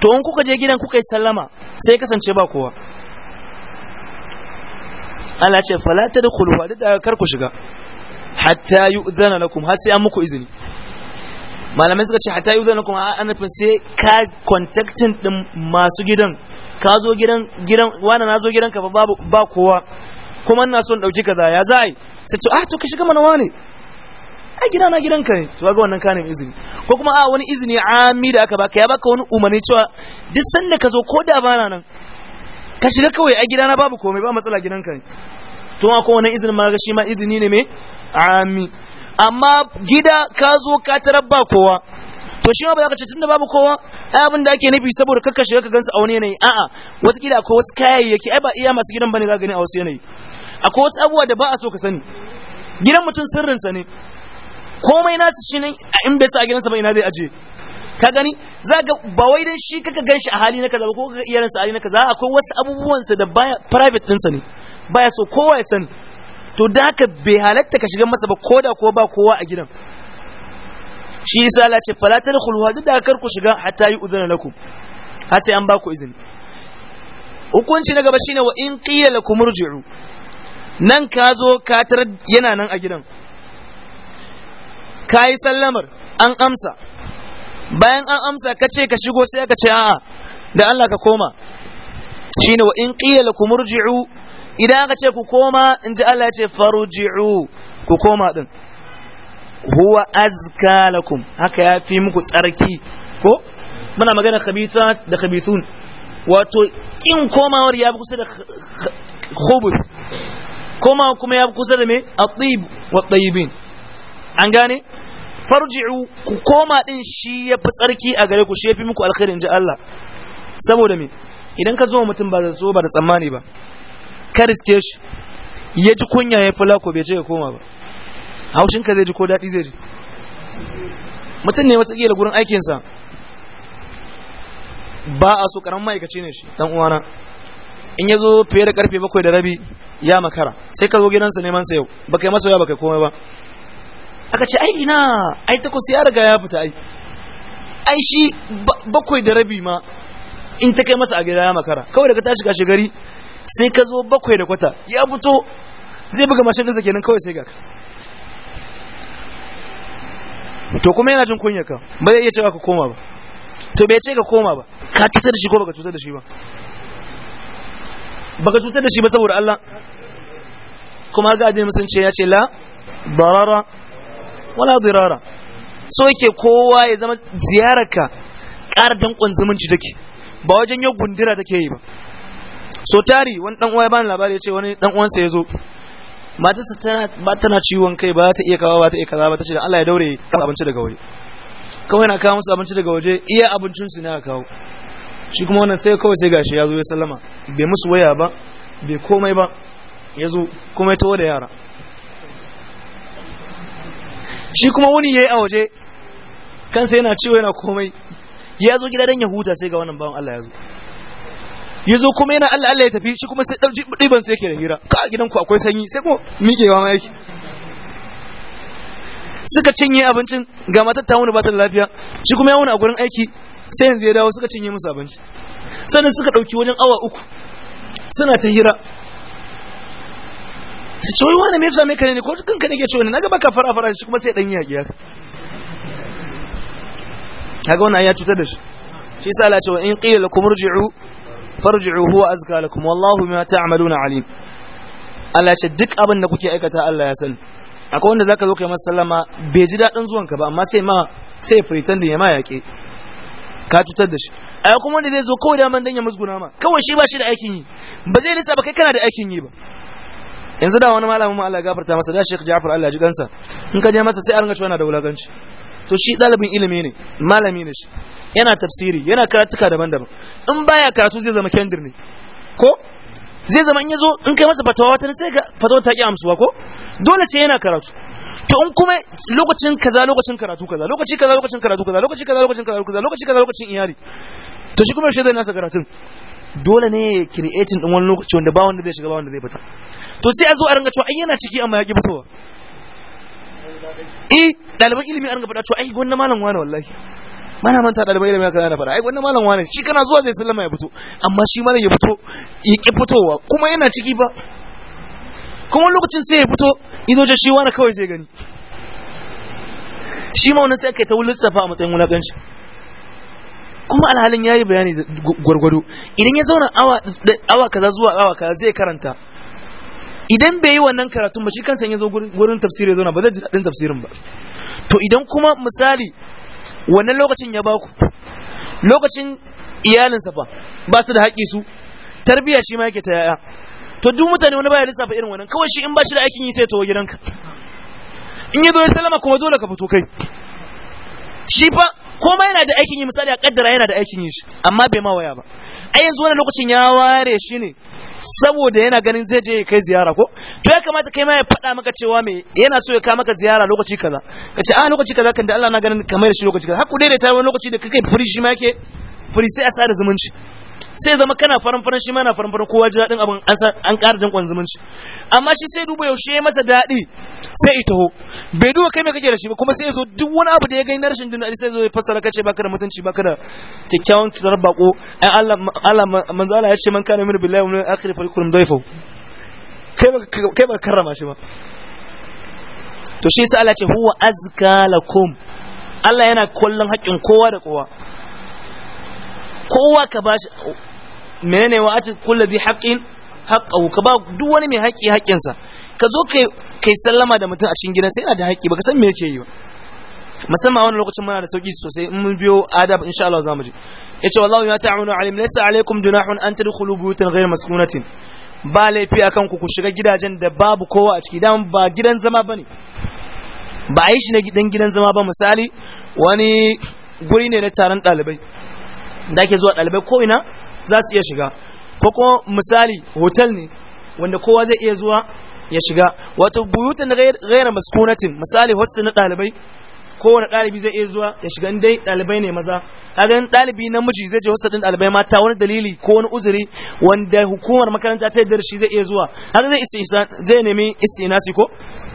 to in kuka je gidan kuka yi sallama sai kasance ba kowa Allah ce fala tadkhulu wa da kar ku shiga hatta yu'zana lakum har sai an muku izini malamai suka ce hatta yu'zana lakum an fa sai ka contacting din masu gidan ka zo gidan gidan wani na zo gidan ka ba ba kowa kuma ina son dauki kaza ya za'i sai to ah to ka shiga mana wani ai gida na ka ne to ga wannan kanin izini ko kuma a wani izini ami da aka baka ya baka wani umarni cewa duk sanda ka zo ko da bana nan ka shiga kawai a na babu komai ba matsala ka ne to ma ko wannan izinin ma ga shi ma izini ne me ami amma gida ka zo ka tarar ba kowa to shi ma ba za ka ce tunda babu kowa ai abin da ake nufi saboda kakka shiga ka gansu a wani yanayi a'a wata gida akwai wasu kayayyaki ai ba iya masu gidan bane za ka gani a wasu yanayi akwai wasu abubuwa da ba a so ka sani gidan mutum sirrinsa ne komai nasu shi ne in bai sa a gidansa ba ina zai aje ka gani za ga ba wai dan shi kaka gan shi a hali na kaza ba ko kaka iyalan sa hali na kaza akwai wasu abubuwansa da baya private ɗinsa ne baya so kowa ya sani to da haka bai halatta ka shiga masa ba koda ko ba kowa a gidan shi yasa Allah ce fala tadkhuluha duk da kar ku shiga hatta yi udhana lakum har sai an ba ku izini hukunci na gaba shine wa in qila lakum rji'u nan ka zo ka tarar yana nan a gidan ka yi sallamar an amsa bayan an amsa ka ce ka shigo sai aka ce a'a da Allah ka koma shine wa in qila lakum irji'u idan aka ce ku koma in ji Allah ya ce farji'u ku koma din huwa azka lakum haka ya fi muku tsarki ko muna magana khabithat da khabithun wato kin komawar ya fi kusa da khubuth komawa kuma ya fi kusa da me atib wa tayyibin an gane farji'u ku koma din shi ya fi tsarki a gare ku shi ya fi muku alkhairi in ji Allah saboda me idan ka zo mutum ba zo ba da tsammani ba ka riske shi ya ji kunya ya fula ko bai je ya koma ba haushin ka zai ji ko daɗi zai ji mutum ne wata da gurin aikinsa ba a so karamin ma'aikaci ne shi dan uwana in ya zo fiye da karfe bakwai da rabi ya makara sai ka zo gidansa neman sa yau baka yi masa yau baka komai ba aka ce ai ina ai takwas ya riga ya fita ai ai shi bakwai da rabi ma in ta kai masa a gida ya makara kawai daga tashi gashi gari sai ka zo bakwai da kwata ya fito zai buga mashin da kenan kawai sai ga ka to kuma yana jin kunya ka ba zai iya cewa ka koma ba to bai ce ka koma ba ka cutar da shi ko baka cutar da shi ba baka cutar da shi ba saboda Allah kuma ga addinin musulunci ya ce la barara wala dirara so yake kowa ya zama ziyararka ƙara danƙon zumunci take ba wajen yau gundura take yi ba so tari wani dan uwa ya bani labari ya ce wani dan sa ya zo matarsa tana ba tana ciwon kai ba ta iya kawo ba ta iya kaza ba ta ce da Allah ya daure kan abinci daga waje kawai na kawo musu abinci daga waje iya abincin su ne aka kawo shi kuma wannan sai kawai sai gashi ya zo ya sallama bai musu waya ba bai komai ba ya zo kuma ya tawo da yara shi kuma wani yi a waje kansa yana ciwo yana komai ya zo gida dan ya huta sai ga wannan bawan Allah ya zo ya zo kuma yana Allah Allah ya tafi shi kuma sai ɗiban sai yake da hira ka gidan ku akwai sanyi sai kuma miƙewa ma yake suka cinye abincin ga matar ta wuni ba ta lafiya shi kuma ya wuni a gurin aiki sai yanzu ya dawo suka cinye musu abinci sannan suka ɗauki wajen awa uku suna ta hira su ce wani me yasa me kare ne ko kanka nake cewa ne naga baka fara fara shi kuma sai dan yaki ka kaga wannan ya cutar da shi shi sa Allah ya ce wa in qila lakum irji'u farji'u huwa azka lakum wallahu bima ta'maluna alim Allah ya ce duk abin da kuke aikata Allah ya sani akwai wanda zaka zo kai masa sallama bai ji dadin ka ba amma sai ma sai pretend ya ma yaƙe ka cutar da shi a kuma wanda zai zo kawai da man dan ya musguna ma kawai shi ba shi da aikin yi ba zai nisa ba kai kana da aikin yi ba yanzu da wani malamin mu Allah gafarta masa da Sheikh Ja'far Allah ji gansa in ka je masa sai an ga cewa na da wulaganci to shi dalibin ilimi ne malami ne shi yana tafsiri yana karatuka daban-daban in baya karatu zai zama kendir ne ko zai zama in yazo in kai masa fatawa wata sai ga fatawa ta ki amsuwa ko dole sai yana karatu to in kuma lokacin kaza lokacin karatu kaza lokaci kaza lokacin karatu kaza lokaci kaza lokacin karatu kaza lokaci kaza lokacin iyali to shi kuma shi zai nasa karatun dole ne ya creating din wani lokaci wanda ba wanda zai shiga ba wanda zai fita to sai a zo a ringa cewa ai yana ciki amma ya ki fitowa eh ɗaliban ilimi a ringa fada cewa ai gwanna malam wane wallahi mana manta ɗaliban ilimi haka na fada, ai gwanna malam wane shi kana zuwa zai sallama ya fito amma shi malam ya fito ya ki fitowa kuma yana ciki ba kuma lokacin sai ya fito ido ce shi wani kawai zai gani shi ma wannan sai aka yi ta lissafa a matsayin wulaƙanci kuma alhalin ya yi bayani gwargwado idan ya zauna awa kaza zuwa awa kaza zai karanta idan bai yi wannan karatun ba shi kansa ya zo gurin tafsirin ya zauna ba zai ji daɗin tafsirin ba to idan kuma misali wannan lokacin ya baku lokacin iyalinsa fa ba su da haƙƙi su tarbiyya shi ma yake ta yaya to duk mutane wani baya lissafa irin wannan kawai shi in ba shi da aikin yi sai ya tawo gidanka in ya zo ya salama kuma dole ka fito kai shi fa kuma yana da aikin yi misali a kaddara yana da aikin yi shi amma bai ma waya ba a yanzu wani lokacin ya ware shi ne saboda yana ganin zai je ya kai ziyara ko to ya kamata kai ma ya faɗa maka cewa me yana so ya kawo maka ziyara lokaci kaza ka ce a ah, lokaci kaza kan da Allah na ganin kamar shi lokaci kaza haku daidaita wani lokaci da kake furi shi ma yake furi sai a sada zumunci sai zama kana faran faran shi ma na faran faran kowa ji daɗin abin an ƙara jan zumunci amma shi sai duba yaushe ya masa daɗi sai ita ho bai duba kai me kake da shi ba kuma sai ya zo duk wani abu da ya gani na rashin jin daɗi sai ya zo ya fassara kace baka da mutunci baka da kyakkyawan tsar bako ai Allah Allah manzo Allah ya ce man kana min billahi min akhir falikum dayfu kai ba kai ba karrama shi ba to shi sai Allah ce huwa azka lakum Allah yana kallon haƙƙin kowa da kowa kowa ka bashi menene wa ati kullu bi haqqin haqqahu ka ba duk wani mai haƙƙi haƙƙinsa ka zo kai kai sallama da mutum a cikin gidan, sai yana da haƙƙi baka san me yake yi ba musamman wani lokacin muna da sauki sosai in mun biyo adab insha Allah zamu ji yace wallahu ya ta'awunu alim laysa alaykum junahun an tadkhulu buyutan ghayr maskunatin ba laifi akan ku ku shiga gidajen da babu kowa a ciki dan ba gidan zama bane ba a yi shi na gidan gidan zama ba misali wani guri ne na taron ɗalibai da ake zuwa ɗalibai ko ina za su iya shiga ko kuma misali hotel ne wanda kowa zai iya zuwa ya shiga wato buyutun gaira maskunatin misali hostel na dalibai kowane dalibi zai iya zuwa ya shiga dai dalibai ne maza kaga na namiji zai je hostel ɗin dalibai mata wani dalili ko wani uzuri wanda hukumar makaranta ta yarda shi zai iya zuwa har zai isa zai nemi istinasi ko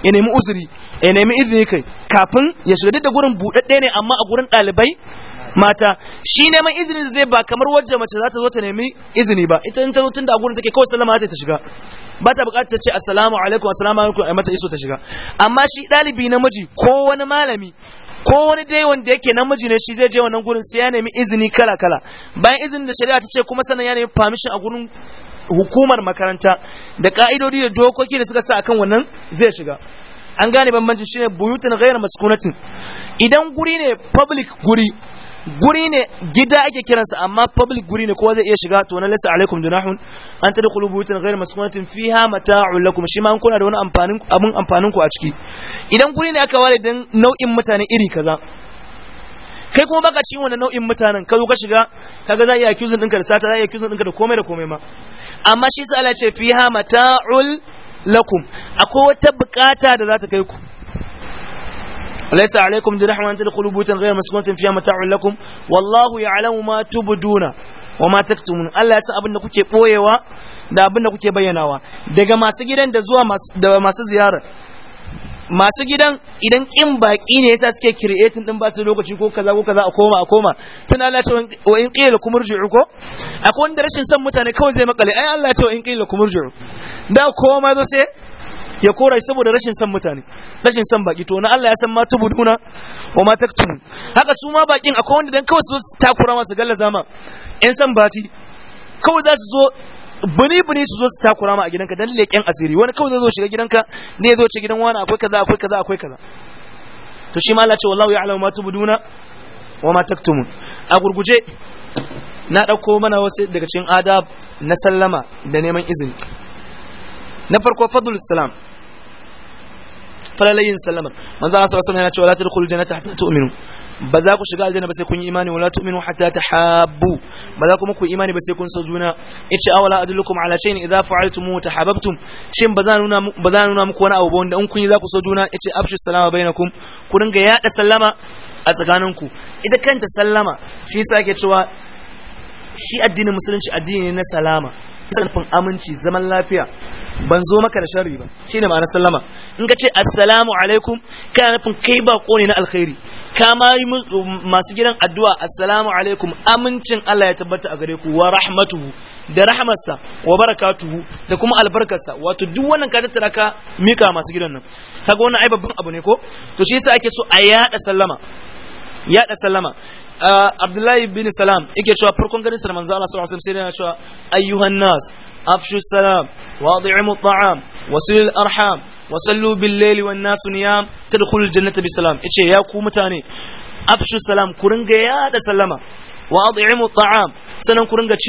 ya nemi uzuri ya nemi izini kai kafin ya shiga duk da gurin buɗaɗɗe ne amma a gurin dalibai. mata shi neman izini zai ba kamar wajen mace za ta zo ta nemi izini ba ita ta zo tun da gurin take kawai sallama ta shiga ba ta bukatar ta ce assalamu alaikum assalamu alaikum ai mata iso ta shiga amma shi dalibi namiji ko wani malami ko wani dai wanda yake namiji ne shi zai je wannan gurin sai ya nemi izini kala kala bayan izinin da shari'a ta ce kuma sannan ya nemi permission a gurin hukumar makaranta da ka'idodi da dokoki da suka sa akan wannan zai shiga an gane bambancin shine buyutun ghayr maskunatin idan guri ne public guri guri ne gida ake kiransa amma public guri ne kowa zai iya shiga to na lissa alaikum junahun an tadkhulu buyutan ghayra fi fiha mata, ulakum shi ma an kuna da wani abin abun amfanin ku a ciki idan guri ne aka ware don nau'in mutane iri kaza kai kuma baka cikin wani nau'in mutanen ka zo ka shiga kaga za a iya accusing ɗinka da sata za a iya accusing ɗinka da komai da komai ma amma shi sa Allah ce fiha mata'ul lakum akwai wata bukata da za ta kai ku وليس عليكم جناح أن تدخلوا بيوتا غير مسكونة فيها متاع لكم والله يعلم ما تبدون wama taktumun Allah ya san abin da kuke boyewa da abin da kuke bayyanawa daga masu gidan da zuwa da masu ziyara masu gidan idan kin baki ne yasa suke creating din ba su lokaci ko kaza ko kaza a koma a koma tun Allah ya ce wa in qila kum rji'u ko akwai wanda rashin san mutane kawai zai makale ai Allah ya ce wa in qila kum rji'u da koma zo sai ya kora shi saboda rashin san mutane rashin san baki to na Allah ya san ma tubuduna wa ma taktum haka su ma bakin akwai wanda dan kawai su takura masu galla zama in san bati kawai za su zo bini bini su zo su takura ma a gidanka dan leƙen asiri wani kawai zai zo shiga gidanka ne ya zo ci gidan wani akwai kaza akwai kaza akwai kaza to shi ma Allah ce wallahu ya'lamu ma tubuduna wa ma taktum a gurguje na ɗauko mana wasu daga cikin adab na sallama da neman izini na farko fadlul salam falalayin sallama manzo Allah sallallahu alaihi wasallam yana cewa la tadkhulu jannata hatta tu'minu ba za ku shiga aljanna ba sai kun yi imani wala tu'minu hatta tahabbu ba za kuma ku imani ba sai kun so juna yace awala adullukum ala shay'in idza fa'altum tahabbtum shin ba za nuna ba za nuna muku wani abu ba wanda in kun yi za ku so juna yace afshu salama bainakum ku dinga yada sallama a tsakaninku ita kanta sallama shi yasa ake cewa shi addinin musulunci addini ne na salama nufin aminci zaman lafiya ban zo maka da sharri ba shine ma'anar sallama in ka ce assalamu alaikum kana nufin kai bako ne na alkhairi ka ma yi masu gidan addu'a assalamu alaikum amincin Allah ya tabbata a gare ku wa rahmatuhu da rahmarsa wa barakatuhu da kuma albarkarsa wato duk wannan ka tattara ka mika masu gidan nan kaga wannan ai babban abu ne ko to shi yasa ake so a yada sallama yada sallama ah, Abdullahi bin Salam yake cewa farkon garin sa manzo Allah sallallahu alaihi wasallam sai yana cewa ayyuhan nas أفشوا السلام وأطعموا الطعام وصلوا الأرحام وصلوا بالليل والناس نيام تدخلوا الجنة بسلام إيش يا كومتاني أفشوا السلام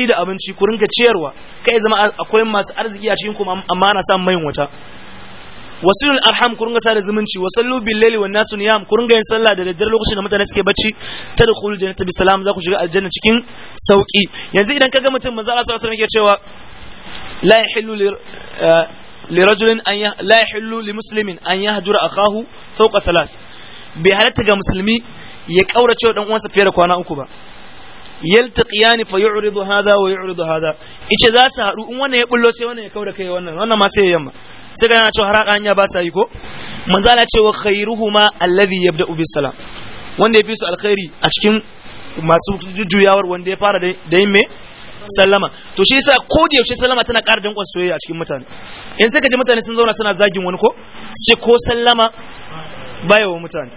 يا kai zama akwai masu arziki a cikin ku amma ana samun mayin wata wasilul arham ku ringa sada zumunci wa sallu mutane suke bacci tadkhulul jannata cikin yanzu mutum لا يحل لرجل أن يه... لا يحل لمسلم أن يهجر أخاه فوق ثلاث بهالتا ga musulmi ya kaurace dan uwansa fiye da kwana uku ba yaltaqiyan fa yu'ridu hadha wa ice za su haɗu in wannan ya bullo sai wannan ya kaura kai wannan wannan ma sai ya yamma sai ga yana cewa har hanya ba sa yi ko manzo Allah ce wa khairuhuma alladhi yabda'u bis salam wanda ya fi su alkhairi a cikin masu jujjuyawar wanda ya fara da yin me sallama to shi yasa ko da yaushe sallama tana ƙara danƙon soyayya a cikin mutane in suka ji mutane sun zauna suna zagin wani ko sai ko sallama baya wa mutane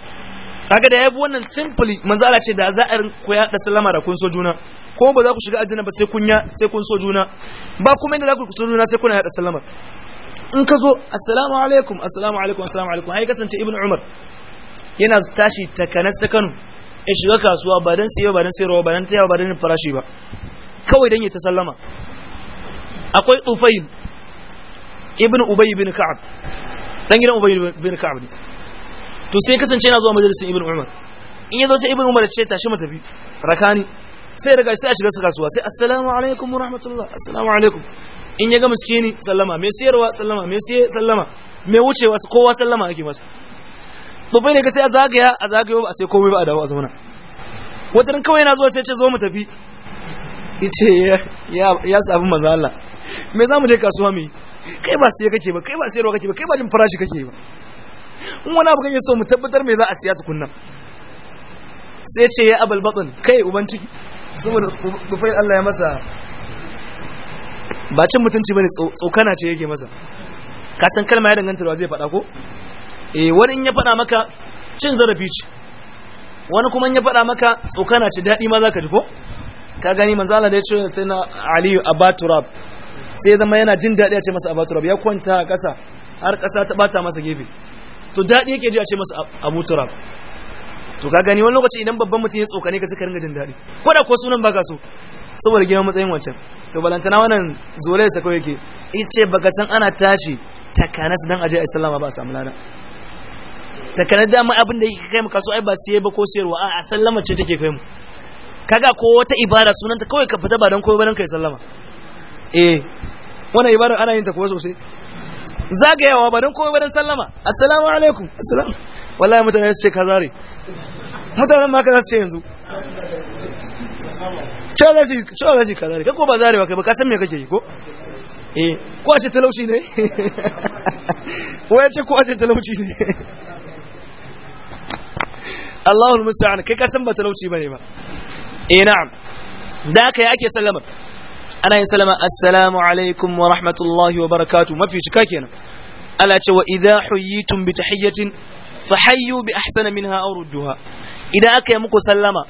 kaga da yabi wannan simply manzo Allah ce da za a ku da sallama da kun so juna ko ba za ku shiga aljanna ba sai kun ya sai kun so juna ba kuma inda za ku so juna sai kuna da sallama in ka zo assalamu alaikum assalamu alaikum assalamu alaikum ai kasance ibnu umar yana tashi takanar sakanu ya shiga kasuwa ba dan siyo ba dan sayarwa ba dan tayawa ba dan farashi ba kawai dan ya ta sallama akwai Tufayl ibn Ubay bin Ka'ab dan gidan Ubay bin Ka'ab ne to sai kasance yana zuwa majalisin Ibn Umar in yazo sai Ibn Umar ya ce tashi mu tafi rakani sai daga sai a shiga su kasuwa sai assalamu alaikum wa rahmatullah assalamu alaikum in ya ga miskini sallama mai siyarwa sallama mai siye sallama mai wucewa kowa sallama ake masa to bai ne ka sai a zagaya a zagayo ba a sai komai ba a dawo a zauna wata kawai yana zuwa sai ce zo mu tafi yace ya sabu mazala Allah me mu je kasuwa mu kai ba sai kake ba kai ba sayarwa kake ba kai ba jin farashi kake ba in wani abu kake so mu tabbatar me za a siya tukunna sai ce ya abul kai uban ciki saboda dufail Allah ya masa ba cin mutunci bane tsokana ce yake masa ka san kalma ya danganta da zai faɗa ko eh wani in ya faɗa maka cin zarafi ce wani kuma in ya faɗa maka tsokana ce daɗi ma zaka ji ko ka gani manzo Allah da ya ce sai na Ali Abaturab sai zama yana jin daɗi a ce masa Abaturab ya kwanta a ƙasa har ƙasa ta bata masa gefe to daɗi yake ji a ce masa Abaturab to ka gani wani lokaci idan babban mutum ya tsokane ka sai ka ringa jin daɗi ko da ko sunan baka so saboda girman matsayin wancan to balantana wannan zolai sa kawai yake ice baka san ana tashi takanas dan aje ai sallama ba a samu lada takanas dama abin da yake kai mu kaso ai ba siye ba ko siyarwa a sallama ce take kai mu kaga ko wata ibada sunanta kawai ka fita ba don koyo ba kai sallama eh wannan ibada ana yin ta kuwa sosai zagayawa ba don koyo ba sallama assalamu alaikum assalamu wallahi mutane su ce ka zare mutanen ma ka za su ce yanzu cewa za su yi ka zare ba zarewa kai ba ka san me kake yi ko eh ko a ce talauci ne (laughs) wai ce ko a ce talauci ne (laughs) Allahul musta'an kai ka san ba talauci bane ba eh na'am da aka ya ake sallama ana yin sallama assalamu alaikum wa rahmatullahi wa barakatu mafi cika kenan Ala ce wa idza huyitum bi Fa fahayyu bi ahsana minha aw rudduha idan aka yi muku sallama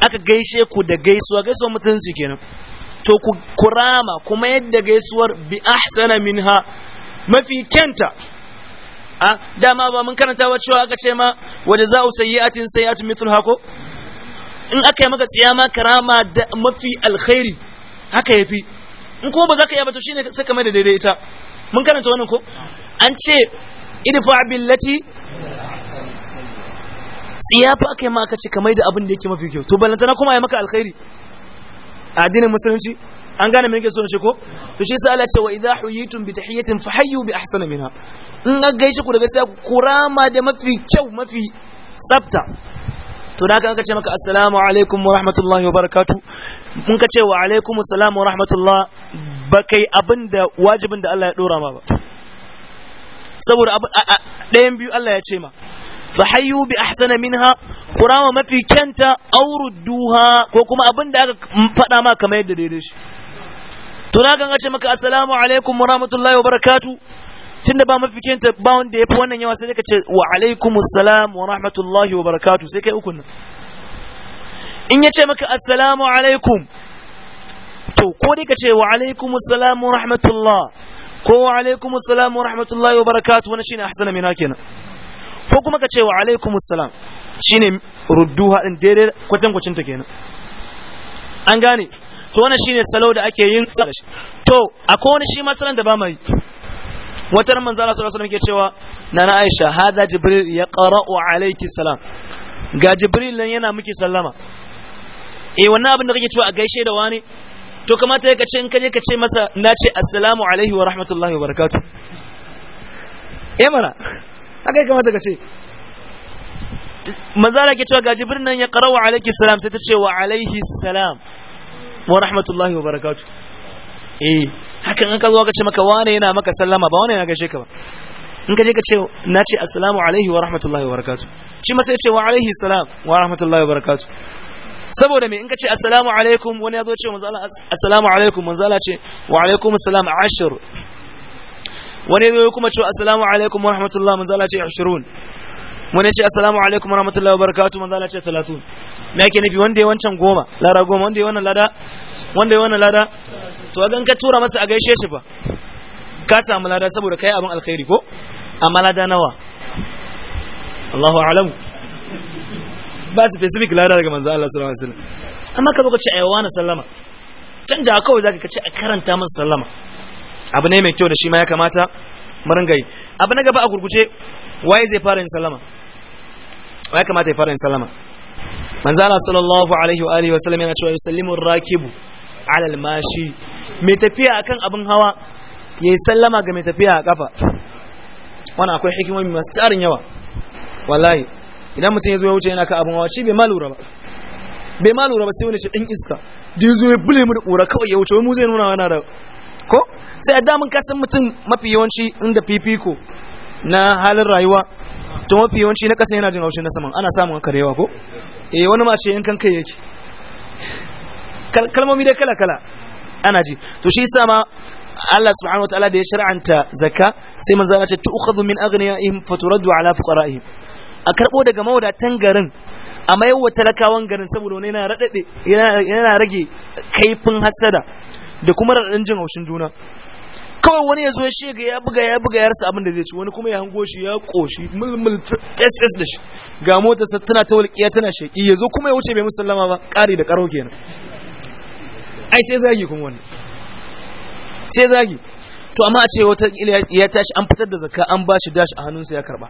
aka gaishe ku da gaisuwa gaisuwar mutunci kenan to ku kurama kuma yadda gaisuwar bi ahsana minha mafi kenta. a ah, dama ba mun karanta ba cewa aka ce ma wa jaza'u sayyi'atin sayyi'atun mithluha ko in aka yi maka tsiyama karama da mafi alkhairi haka fi in kuma ba za ka yi ba to shine sai ka mai da daidai ita mun karanta wannan ko an ce idfa billati tsiya fa aka yi maka ce ka mai da abin da yake mafi kyau to ballantana kuma ya maka alkhairi a addinin musulunci an gane me nake so ce ko to shi yasa Allah ce wa idha huyitum bi tahiyatin fahayyu bi ahsana minha in ga gaishe ku daga sai ku kurama da mafi kyau mafi tsafta to da haka aka ce maka assalamu alaikum wa rahmatullahi wa barakatu mun ka ce wa alaikum assalamu wa rahmatullah ba kai abin da wajibin da Allah ya dora ma ba saboda ɗayan biyu Allah ya ce ma fa hayyu bi ahsana minha kurama mafi kyanta auruduha ko kuma abin da aka faɗa ma kamar yadda daidai shi to da haka aka ce maka assalamu alaikum wa rahmatullahi wa barakatu tunda ba mafikinta ba wanda ya fi wannan yawa sai ka ce wa alaikumus salam wa rahmatullahi wa barakatuh sai kai ukun in ya ce maka assalamu alaikum to ko dai ka ce wa alaikumus salam wa rahmatullah ko wa alaikumus salam wa rahmatullahi wa barakatuh wannan shine ahsana mina kenan ko kuma ka ce wa alaikumus salam shine rudduha din daidai kwatankwacin ta kenan an gane to wannan shine salo da ake yin to akwai wani shi masalan da ba mai wata ran manzo Allah sallallahu alaihi wasallam yake cewa nana Aisha hada Jibril ya qara'u alayki salam ga Jibril nan yana miki sallama eh wannan abin da kake cewa a gaishe da wani to kamata ya kace in kaje ka ce masa na ce assalamu alaihi wa rahmatullahi wa barakatuh eh mana haka ya kamata ka ce manzo ke yake cewa ga Jibril nan ya qara'u alayki salam sai ta ce wa alaihi salam wa rahmatullahi wa barakatuh eh hakan an ka zo ka ce maka wane yana maka sallama ba wane yana gaishe ka ba in ka je ka ce na ce assalamu alaihi wa rahmatullahi wa barakatuh shi ma sai ce wa alaihi salam wa rahmatullahi wa barakatuh saboda me in ka ce assalamu alaikum wani ya zo ce manzo Allah assalamu alaikum manzo Allah ce wa alaikum assalam ashir wani ya zo kuma ce assalamu alaikum wa rahmatullahi manzo Allah ce 20 wani ce assalamu alaikum wa rahmatullahi wa barakatuh manzo Allah ce 30 me yake nufi wanda ya wancan goma lada goma wanda ya wannan lada wanda ya wannan lada to gan ka tura masa a gaishe shi fa ka samu lada saboda kai abin alkhairi ko amma lada nawa Allahu a'lam ba specific lada daga manzo Allah sallallahu alaihi wasallam amma ka lokaci ayyawa na sallama can da kawai zaka kace a karanta masa sallama abu ne mai kyau da shi ma ya kamata mu ringa yi abu na gaba a gurguje waye zai fara yin sallama waye kamata ya fara yin sallama manzo Allah sallallahu alaihi wa alihi wasallam yana cewa yusallimu ar-rakibu alal mashi mai tafiya akan abin hawa ya yi sallama ga mai tafiya a kafa wani akwai hikimomi masu tsarin yawa wallahi idan mutum ya zo ya wuce yana ka abin hawa shi bai ma lura ba bai ma lura ba sai wani shi ɗin iska da ya zo ya bule mu da ƙura kawai ya wuce wai mu zai nuna wana da ko sai a damun kasan mutum mafi yawanci inda fifiko na halin rayuwa to mafi yawanci na ƙasa yana jin haushin na saman ana samun karewa ko eh wani ma shi yankan kai yake kalmomi dai kala kala ana ji to shi yasa ma Allah subhanahu wataala da ya shar'anta zakka sai manzo Allah ya ce tu'khadhu min aghniyahim faturaddu ala fuqara'ihim a karbo daga mawadatan garin a mai wa talakawan garin saboda wani yana radade yana rage kaifin hasada da kuma radadin jin haushin juna kawai wani ya zo shi ga ya buga ya buga ya abin da zai ci wani kuma ya hango shi ya koshi mulmul ss da shi ga motarsa tana ta walƙiya tana sheƙi ya zo kuma ya wuce bai musallama ba ƙari da karo kenan ai sai zagi kuma wannan sai zagi to amma a ce wata ya tashi an fitar da zakka an bashi dash a hannunsa ya karba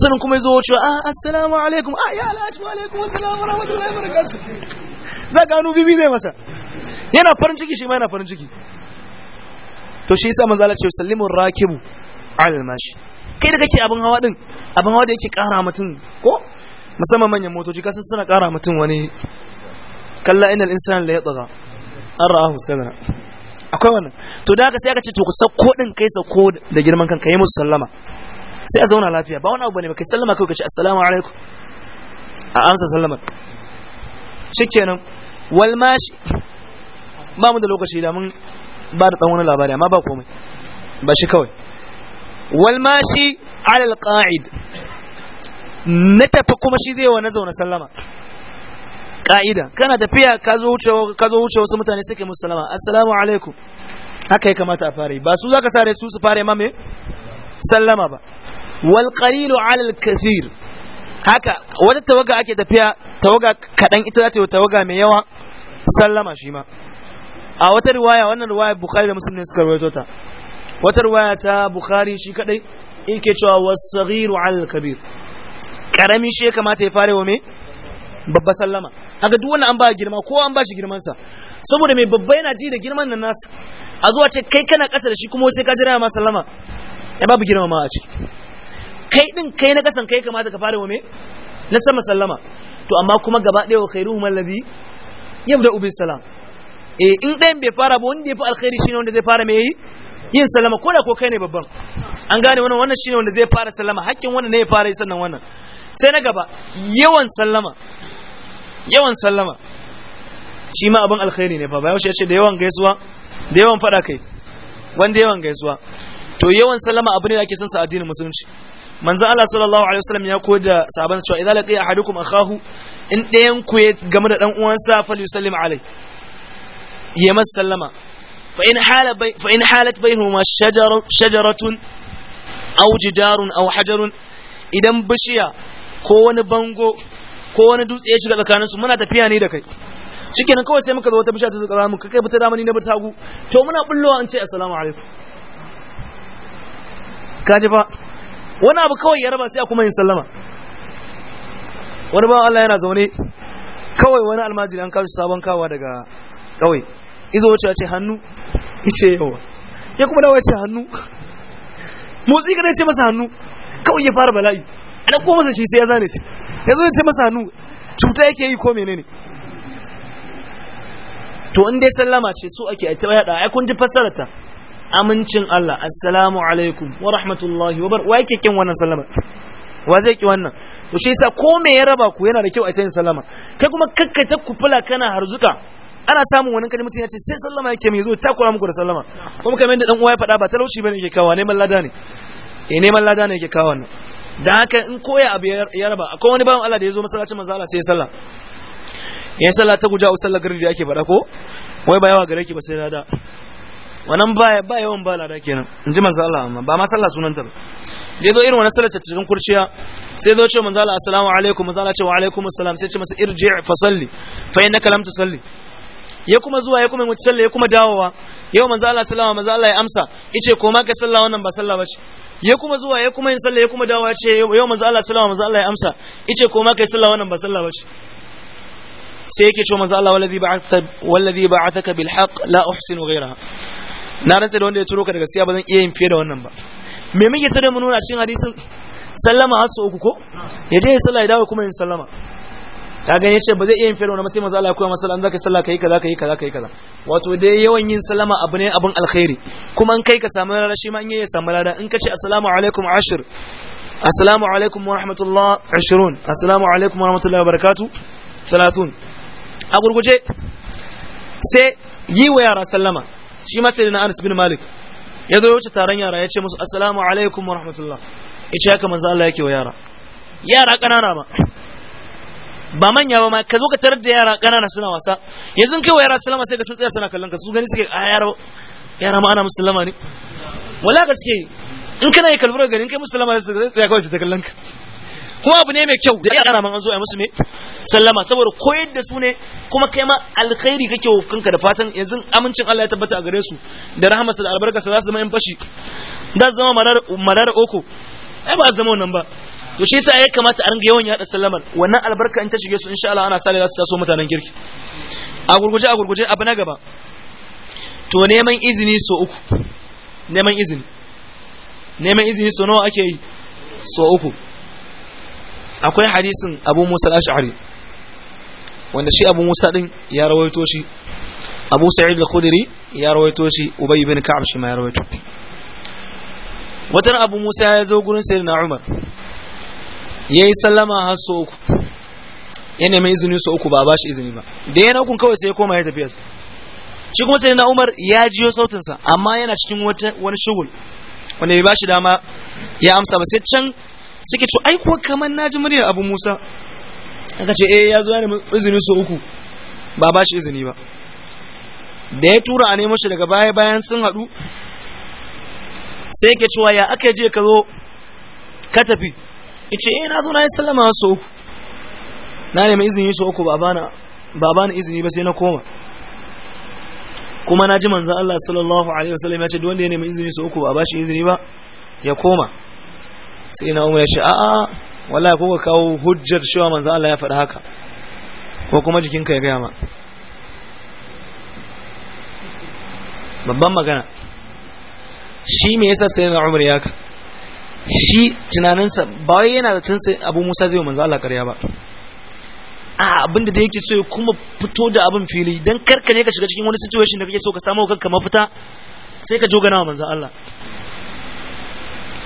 sanin kuma yazo wucewa a ah, assalamu alaikum a ah, ya alaikum wa alaikum assalamu wa rahmatullahi wa barakatuh za ka hannu bibi zai masa yana farin ciki shi ma yana farin ciki to shi yasa manzo Allah ce sallimu rakibu al mashi kai da kake abin hawa din abin hawa da yake kara mutum ko musamman manyan motoci kasan suna kara mutum wani kalla innal insana la yatgha an rahu sadana akwai wannan to da haka sai aka ce to ku sauko din kai sauko da girman kanka yi musu sallama sai a zauna lafiya ba wani abu bane ba kai sallama kai ka ce assalamu alaikum a amsa sallamar shikenan wal mashi ba mu da lokaci da mun ba da dan wani labari amma ba komai ba shi kawai wal mashi ala al qa'id na tafi kuma shi zai wa na zauna sallama ka'ida kana tafiya ka zo wucewa ka zo wucewa wasu mutane suke musu salama assalamu alaikum haka ya kamata a fara ba su zaka sare su su fara ma me sallama ba wal qalilu ala al kathir haka wata tawaga ake tafiya tawaga kadan ita za ta yi tawaga mai yawa sallama shi ma a wata riwaya wannan riwaya bukhari da muslim ne suka rawaito ta wata riwaya ta bukhari shi kadai yake cewa was saghiru ala al kabir karami shi ya kamata ya fare wa me babba sallama aga duk wannan an ba girma ko an ba shi girman sa saboda mai babba yana ji da girman nan nasa a zuwa ce kai kana kasa da shi kuma sai ka jira ma sallama Ya babu girma ma a ciki kai din kai na kasan kai kamata ka fara wa me na sama sallama to amma kuma gaba ɗaya wa khairuhum ladhi yabda ubi salam eh in ɗayan bai fara ba wanda ya fi alkhairi shine wanda zai fara me yi yin sallama ko da ko kai ne babban an gane wannan wannan shine wanda zai fara sallama hakkin wanda ne ya fara yi sannan wannan sai na gaba yawan sallama yawan sallama shi ma abin alkhairi ne fa ba yaushe ce da yawan gaisuwa da yawan fada kai wanda yawan gaisuwa to yawan sallama abu ne da ake son sa addinin musulunci manzon Allah sallallahu alaihi wasallam ya koyar da sahabban cewa idza laqiya ahadukum akahu in ɗayan ku ya game da dan uwansa falyusallim alai ya mas sallama fa in hala fa in halat bainahuma shajaratun aw jidarun aw hajarun idan bishiya ko wani bango ko wani dutse ya shiga tsakanin su muna tafiya ne da kai shikenan kawai sai muka zo wata bishiya ta tsaka mu kai ba ta damani na bi tagu to muna bullowa an ce assalamu alaikum kaje fa wani abu kawai ya raba sai a kuma yin sallama wani bawan Allah yana zaune kawai wani almajiri an kawo sabon kawa daga kawai izo wuce ce hannu ice yawa ya kuma dawo ya ce hannu motsi kada ya ce masa hannu kawai ya fara bala'i a ɗauko masa shi sai ya zane shi ya zo ce masa hannu cuta yake yi ko menene to in dai sallama ce so ake ta yada ai kun ji fassarar ta amincin Allah assalamu alaikum wa rahmatullahi wa barakatuh wa yake kin wannan sallama wa zai ki wannan to shi yasa ko me ya raba ku yana da kyau a ta yin sallama kai kuma kakka ta kufula kana harzuka ana samun wani kalmar mutum ya ce sai sallama yake mai zo takura muku da sallama kuma kamar yadda dan uwa ya faɗa ba talauci bane yake kawo neman lada ne eh neman lada ne yake kawo wannan da haka in koya abu ya raba akwai wani bawan Allah da ya zo masallacin manzo Allah sai ya salla. ya salla ta guja sallar gari da yake bada ko wai ba yawa gare ki ba sai da? wannan ba ba yawan ba lada kenan in ji manzo Allah amma ba ma sallah sunanta ba da zo irin wannan sallar ta cikin kurciya sai zo ce manzo Allah assalamu alaikum manzo Allah ce wa alaikum assalam sai ce masa irji fa salli fa innaka lam tusalli ya kuma zuwa ya kuma yi sallah ya kuma dawowa yau manzo Allah sallama manzo Allah ya amsa yace ko ma ka sallah wannan ba sallah bace ya kuma zuwa ya kuma yin sallah ya kuma dawowa yace yau manzo Allah sallama manzo Allah ya amsa yace ko ma ka sallah wannan ba sallah bace sai yake cewa manzo Allah wallazi ba'athaka wallazi ba'athaka bil haqq la uhsinu ghayraha na rantsa da wanda ya turo ka daga siya ba zan iya yin fiye da wannan ba me muke tare mu nuna cikin hadisin sallama har uku ko ya dai sallah ya dawo kuma yin sallama ka gane ce ba zai iya yin fi'il wannan sai manzo Allah ya koya masa an zaka sallah kai kaza kai kaza kai kaza wato dai yawan yin sallama abu ne abun alkhairi kuma in kai ka samu rara shi ma in yayi samu rara in ka ce assalamu alaikum ashir assalamu alaikum wa rahmatullah 20 assalamu alaikum wa rahmatullah wa barakatuh 30 a gurguje sai yi wa yara sallama shi ma sai na Anas bin Malik ya zo wuce taron yara ya ce musu assalamu alaikum wa rahmatullah ita haka manzo Allah yake wa yara yara kanana ma ba manya ba ma ka zo ka tarar da yara ƙanana suna wasa yanzu kai wa yara sallama sai ka san tsaya suna kallon ka su gani suke a ah, yara yara ma ana musulma ne wala ka suke in kana yi kalbar garin kai musulama sai ka tsaya kawai ta kallon ka kuma abu ne mai kyau da yara man an zo a musu me sallama saboda koyar da su ne kuma kai ma alkhairi kake wa kanka da fatan yanzu amincin Allah ya tabbata a gare su da rahmatu da albarkarsa za su zama yan fashi Da su zama marar oko ai ba zama wannan ba to shi yasa ya kamata a ringa yawan yada sallamar wannan albarka in ta shige su insha Allah ana sale za su taso mutanen girki. a gurguje a gurguje abu na gaba to neman izini so uku neman izini neman izini so nawa ake yi so uku akwai hadisin Abu Musa al-Ash'ari wanda shi Abu Musa din ya rawaito shi Abu Sa'id al-Khudri ya rawaito shi Ubay ibn Ka'ab shi ma ya rawaito watan Abu Musa ya zo gurin Sayyidina Umar ya yi sallama har so uku ya nemi izini so uku ba ba shi izini ba da yana hukun kawai sai ya koma ya tafiya shi kuma sai na umar ya jiyo sautinsa amma yana cikin wani shugul wanda bai ba shi dama ya amsa ba sai can suke to ai kuwa kamar na ji muryar abu musa aka ce eh ya zo ya nemi izini so uku ba ba shi izini ba da ya tura a nemo shi daga baya bayan sun haɗu sai ke cewa ya aka je ka zo ka tafi ice eh na zo na yi sallama so uku na nemi izini so uku ba bana ba bana izini ba sai na koma kuma na ji manzon Allah sallallahu alaihi wasallam ya ce duk wanda ya nemi izini so uku ba shi izini ba ya koma sai na umar ya ce a'a wallahi ko ka kawo hujjar cewa manzon Allah ya faɗi haka ko kuma jikinka ya gaya ma babban magana shi me yasa sai na umar ya ka shi tunaninsa ba wai yana da tunsa abu musa zai manzo Allah kariya ba a abin da yake so ya kuma fito da abin fili dan karka ne ka shiga cikin wani situation da kake so ka samu kanka mafita sai ka jogana wa manzo Allah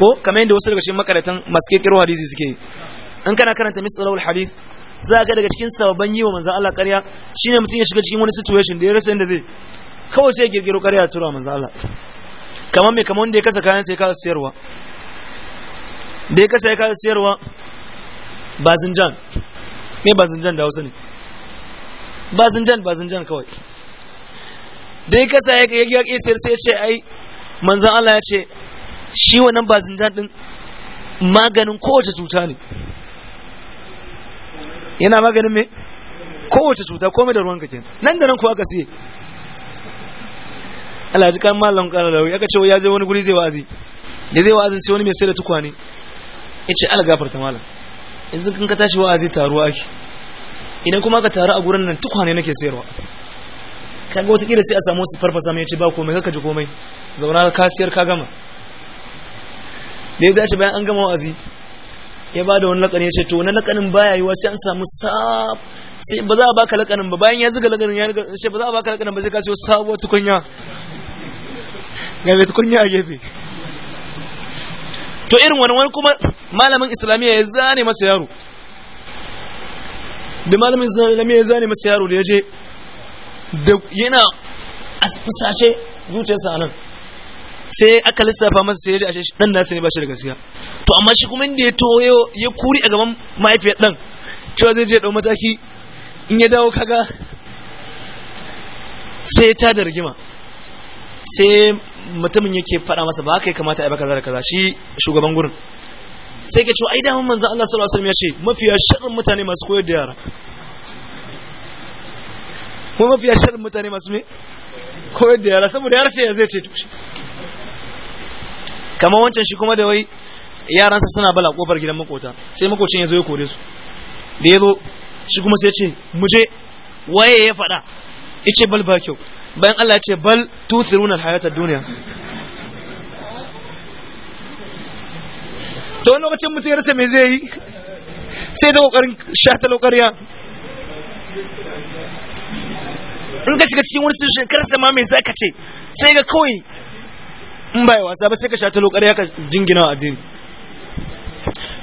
ko kamar yadda wasu daga cikin makaratan maske kirkiro hadisi suke yi in kana karanta misalul hadith za ga daga cikin sababan yi wa manzo Allah kariya shine mutum ya shiga cikin wani situation da ya rasa inda zai kawai sai ya kirkiro ƙarya tura manzo Allah kamar me kamar wanda ya kasa kayan sai ka sayarwa da ya kasa ya kasa siyarwa bazinjan me bazinjan da hausa ne bazinjan bazinjan kawai da ya kasa ya ya siyar sai ce ai manzan Allah ya ce shi wannan bazinjan din maganin kowace cuta ne yana maganin me kowace cuta komai da ruwan kake nan da nan kuwa ka siye Allah ji kan mallam kana da aka ce ya je wani guri zai wa'azi da zai wa'azi sai wani mai sai da tukwane yace ala malam yanzu kun ka tashi wa'azi taruwa ake idan kuma ka taru a gurin nan tukwane nake sayarwa kaga wata kila sai a samu su farfasa mai yace ba komai kaka ji komai zauna ka kasiyar ka gama da ya tashi bayan an gama wa'azi ya bada wani lakani ya ce to wani lakanin baya yiwa sai an samu sab sai ba za a baka lakanin ba bayan ya zuga lakanin ya ce ba za a baka lakanin ba sai ka siyo sabuwar tukunya ga mai tukunya a gefe to irin wani wani kuma malamin islamiyya ya zane masa yaro da malamin islamiyya ya zane masa yaro da ya je da yana fusashe zuciyarsa nan sai aka lissafa masa sai ya shi dan nasa ne ba shi da gaskiya to amma shi kuma inda ya toyo ya kuri a gaban mahaifiyar dan cewa zai je dau mataki in ya dawo kaga sai ya tada rigima sai mutumin yake faɗa masa ba haka ya kamata ai baka zara kaza shi shugaban gurin sai ka ce ai da manzo Allah sallallahu alaihi wasallam ya ce mafiya sharrin mutane masu koyar da yara ko mafiya sharrin mutane masu me koyar da yara saboda yara sai ya zai ce to kama wancan shi kuma da wai yaransa suna bala kofar gidan makota sai makocin ya zo ya kore su da ya zo shi kuma sai ce mu je waye ya faɗa ice bal ba kyau bayan Allah ya ce bal tusiruna alhayatad duniya to wani lokacin mutum ya rasa me zai yi sai da kokarin shata lokariya in ka shiga cikin wani situation karsa ma me zaka ce sai ga kawai in bai wasa ba sai ka shata lokariya ka jingina addini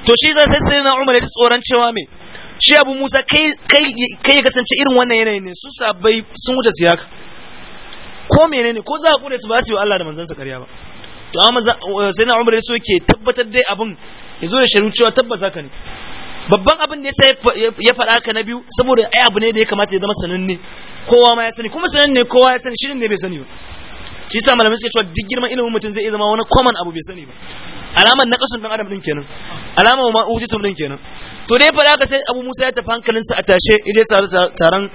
to shi sai sai na Umar ya tsoron cewa me shi Abu Musa kai kai kai ya kasance irin wannan yanayin ne su sabai sun wuce siyaka ko menene ko za a kure su ba su yi Allah da manzansa ƙarya ba to amma uh, sai na Umar so ke tabbatar dai abin ya zo da sharu cewa tabbas haka ne babban abin da yasa ya faɗa ka na biyu saboda ai abu ne da ya kamata ya zama sananne kowa ma ya sani kuma sananne kowa ya sani shi ne bai sani ba shi yasa malamai suke cewa duk girman ilimin mutum zai iya zama wani common abu bai sani ba alamar naqasun dan adam din kenan alamar ma ujitum din kenan to dai fa ka sai Abu Musa ya tafi hankalinsa a tashe idai taron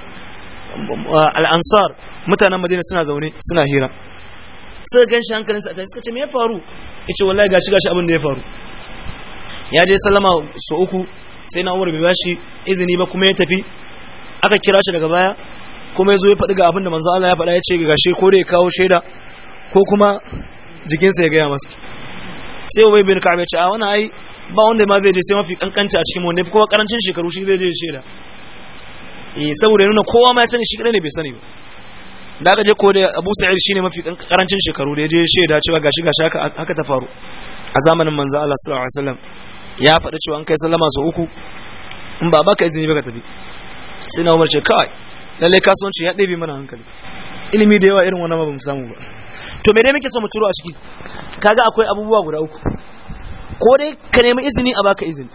al'ansar mutanen madina suna zaune suna hira suka gan shi hankalinsa a suka ce me ya faru ya ce wallahi gashi gashi abin da ya faru ya je sallama su uku sai na umar bai bashi izini ba kuma ya tafi aka kira shi daga baya kuma ya zo ya faɗi ga abin da manzo Allah ya faɗa ya ce gashi ko da ya kawo shaida ko kuma jikinsa ya gaya masa sai ubai bin ka'ab ya ce a wani ai ba wanda ma zai je sai mafi kankanci a cikin wanda ya fi kowa karancin shekaru shi zai je shaida eh saboda nuna kowa ma ya sani shi kadai ne bai sani ba da aka je ko da Abu Sa'id shine mafi karancin shekaru da ya je shaida cewa gashi gashi haka haka ta faru a zamanin manzo Allah sallallahu alaihi wasallam ya faɗi cewa an kai sallama sau uku in ba baka izini ba ka tafi sai na Umar ce kai lalle kasuwanci ya ɗebe mana hankali ilimi da yawa irin wannan ba mu samu ba to me dai muke so mu ciro a ciki kaga akwai abubuwa guda uku ko dai ka nemi izini a baka izini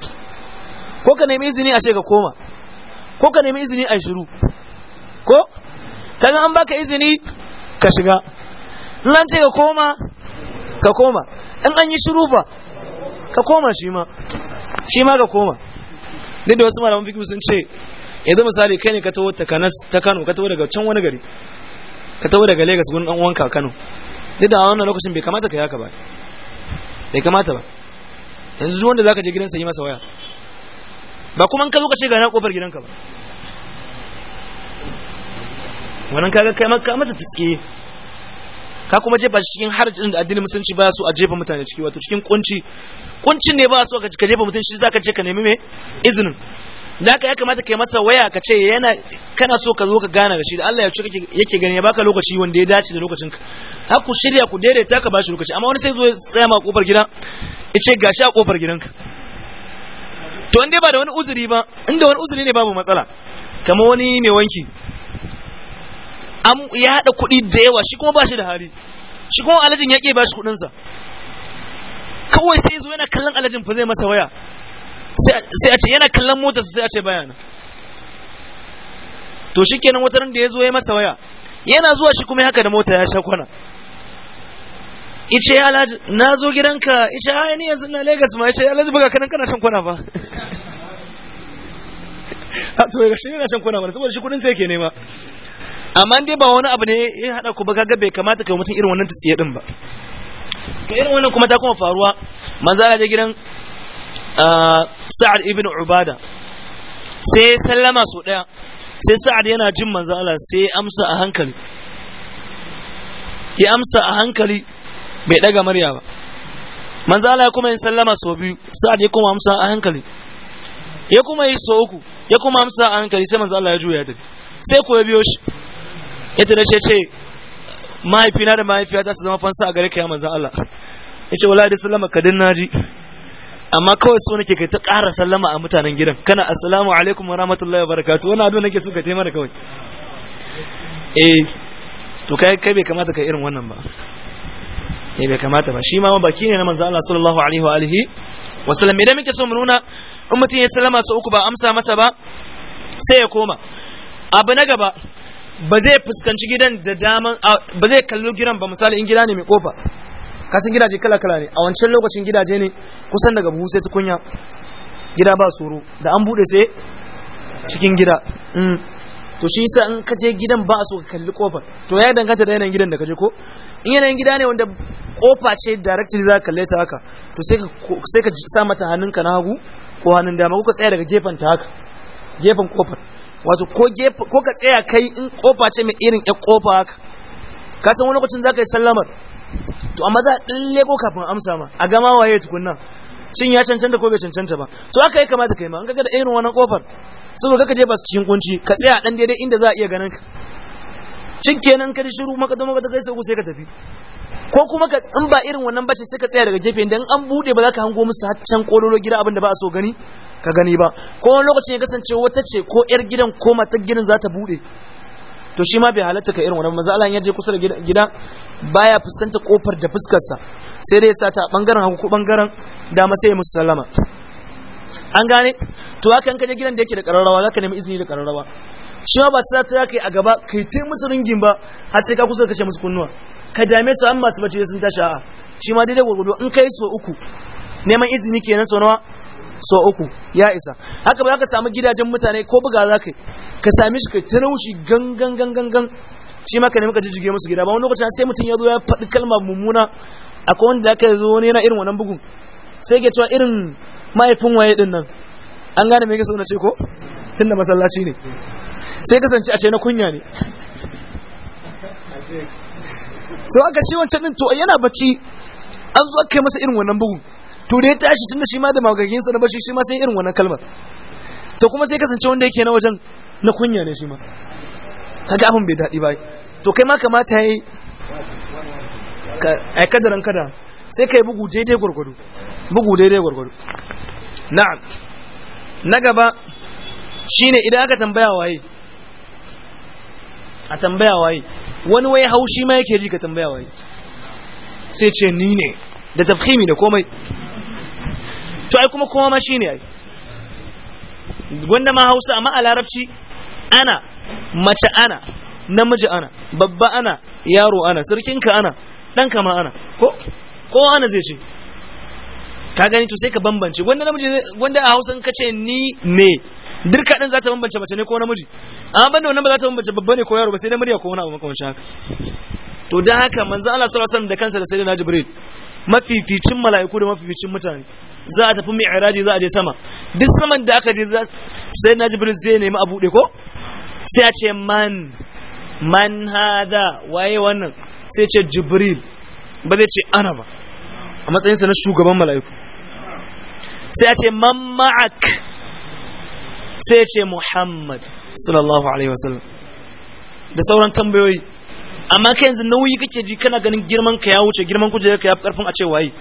ko ka nemi izini a ce ka koma ko ka nemi izini a shiru ko kaga an baka izini ka shiga in an ce ka koma ka koma in an yi shiru fa ka koma shi ma shi ma ka koma duk da wasu malaman fikihu sun ce yanzu misali kai ne ka taho ta Kano ka taho daga can wani gari ka taho daga Lagos gurin dan uwanka Kano duk da wannan lokacin bai kamata ka yi haka ba bai kamata ba yanzu wanda zaka je gidansa yi masa waya ba kuma in ka zo ka ce ga na kofar gidanka ba wannan kaga kai maka masa tiske ka kuma jefa ba cikin harajin da addinin musulunci ba su a jefa mutane ciki wato cikin kunci kuncin ne ba su ka jefa mutane, shi ka je ka nemi me izinin da haka ya kamata kai masa waya ka ce yana kana so ka zo ka gana da shi da Allah ya kake yake gani ya baka lokaci wanda ya dace da lokacin ka har ku shirya ku daidaita ka bashi lokaci amma wani sai zo ya tsaya ma kofar gida ya ce gashi a kofar gidanka to in dai ba da wani uzuri ba inda wani uzuri ne babu matsala kamar wani mai wanki am ya hada kuɗi da yawa shi kuma ba shi da hali shi kuma alajin ya ke ba shi kuɗinsa kawai sai zo yana kallon alajin fa zai masa waya sai a ce yana kallon mota sai a ce bayana to shikenan wataran da ya zo ya masa waya yana zuwa shi kuma haka da mota ya sha kwana ice ya alhaji na zo gidanka ice ha ni yanzu na Legas ma ice alhaji buga kanan kana shan kwana ba a to ga shi ne na shan kwana ba saboda shi kudin sai yake nema amma dai ba wani abu ne ya hada ku ba kaga bai kamata kai mutum irin wannan tsiye din ba to irin wannan kuma ta kuma faruwa manzo Allah gidan ah, Sa'ad ibn Ubada sai sallama su daya sai Sa'ad yana jin manzo Allah sai amsa a hankali ya amsa a hankali bai daga murya ba manzo Allah ya kuma yin sallama sau biyu sa'ad ya kuma amsa a hankali ya kuma yi sau uku ya kuma amsa a hankali sai manzo Allah ya juya da sai ko ya biyo shi ya tada shi ce mahaifina da mahaifiyata su zama fansa a gare ka ya manzo Allah ya ce wallahi da sallama kadin naji amma kawai so nake kai ta ƙara sallama a mutanen gidan kana assalamu alaikum wa rahmatullahi wa barakatuh wani addu'a nake so ka taimaka kawai eh to kai kai bai kamata ka irin wannan ba ne eh, bai kamata ba shi ma baki ne na manzo Allah sallallahu alaihi wa alihi wa sallam idan muke so mu nuna in mutum ya sallama sau uku ba amsa masa ba sai ya koma abu na gaba ba zai fuskanci gidan da daman ba zai kallo gidan ba misali in gida ne mai kofa kasan gidaje kala kala ne a wancan lokacin gidaje ne kusan daga buhu sai tukunya gida ba tsoro da an bude sai cikin gida mm. to shi yasa in ka je gidan ba so ka kalli kofar to ya danganta da yanayin gidan da ka je ko in yanayin gida ne wanda kofa ce directly za ka kalle ta haka to sai ka sai ka sa mata hannunka na hagu ko hannun dama ko ka tsaya daga gefen ta haka gefen kofar wato ko gefe ko ka tsaya kai in kofa ce mai irin ya kofa haka ka san wani lokacin za ka yi sallamar to amma za a ɗalle ko kafin amsa ma a gama waye tukunna shin ya cancanta ko bai cancanta ba to haka ya kamata kai ma an ka da irin wannan kofar saboda kaka je ba su cikin kunci ka tsaya dan daidai inda za a iya ganin ka cin kenan ka shiru maka don maka ta kai sai ka tafi ko kuma ka in ba irin wannan bace sai ka tsaya daga gefe dan an bude ba za ka hango musu har can kololo gida abin da ba a so gani ka gani ba ko wani lokacin ya kasance wata ce ko yar gidan ko matar gidan za ta bude to shi ma bai halatta ka irin wannan manzo Allah ya je kusa da gida baya fuskanta kofar da fuskar sa sai dai ya sa ta bangaren hagu ko bangaren dama sai ya musu sallama an gane to haka in ka je gidan da yake da kararrawa zaka nemi izini da kararrawa shi ba sai ta kai a gaba kai tai musu ringin ba har sai ka kusa kashe musu kunnuwa ka dame su amma su bace sun tashi a'a shi ma daidai gurgudu in kai so uku neman izini kenan so nawa so uku ya isa haka ba zaka samu gidajen mutane ko buga zaka ka sami same shi ka taraushi gangan gangan gan shi ma ka nemi ka jijjige musu gida ba wani lokacin sai mutum ya zo ya faɗi kalma mummuna akwai wanda aka zo ne na irin wannan bugun sai ke cewa irin mahaifin waye din nan an gane me kasa na ce ko da masallaci ne sai kasance a ce na kunya ne so aka shi wancan din to yana bacci an zo aka yi masa irin wannan bugu. to da ya tashi da shi ma da magagin sa na bashi shi ma sai irin wannan kalmar to kuma sai kasance wanda yake na wajen na kunya ne shi ma kaga abin bai daɗi ba to kai ma kamata yayi ai kadaran kada sai kai bugu daidai gwargwado. bugu daidai gwargwaro na'am na gaba shine idan aka tambaya waye a tambaya waye wani waye haushi ma yake ji ka tambaya waye sai ce ni ne da tafhimi da komai to ai kuma kowa ma shine ai wanda ma hausa amma a larabci ana mace ana namiji ana babba ana yaro ana sarkinka ana ɗanka ma ana ko kowa ana zai ce ka gani to sai ka bambance wanda namiji wanda a Hausa ka ce ni me dirka din za ta bambance mace ne ko namiji amma banda wannan ba za ta bambance babba ne ko yaro ba sai dai murya ko wani abu makamancin haka to dan haka manzo Allah sallallahu alaihi wasallam da kansa da sayyidina Jibril mafificin mala'iku da mafificin mutane za a tafi mi'raji za a je sama duk saman da aka je sayyidina Jibril zai nemi abu ko sai a ce man man hada waye wannan sai ce Jibril ba zai ce ana ba a matsayinsa na shugaban mala'iku sai a ce man ma'ak sai ce muhammad sallallahu alaihi wasallam da sauran tambayoyi amma ka yanzu nauyi kake ji kana ganin girman ka ya wuce girman kuje ka ya fi karfin a ce waye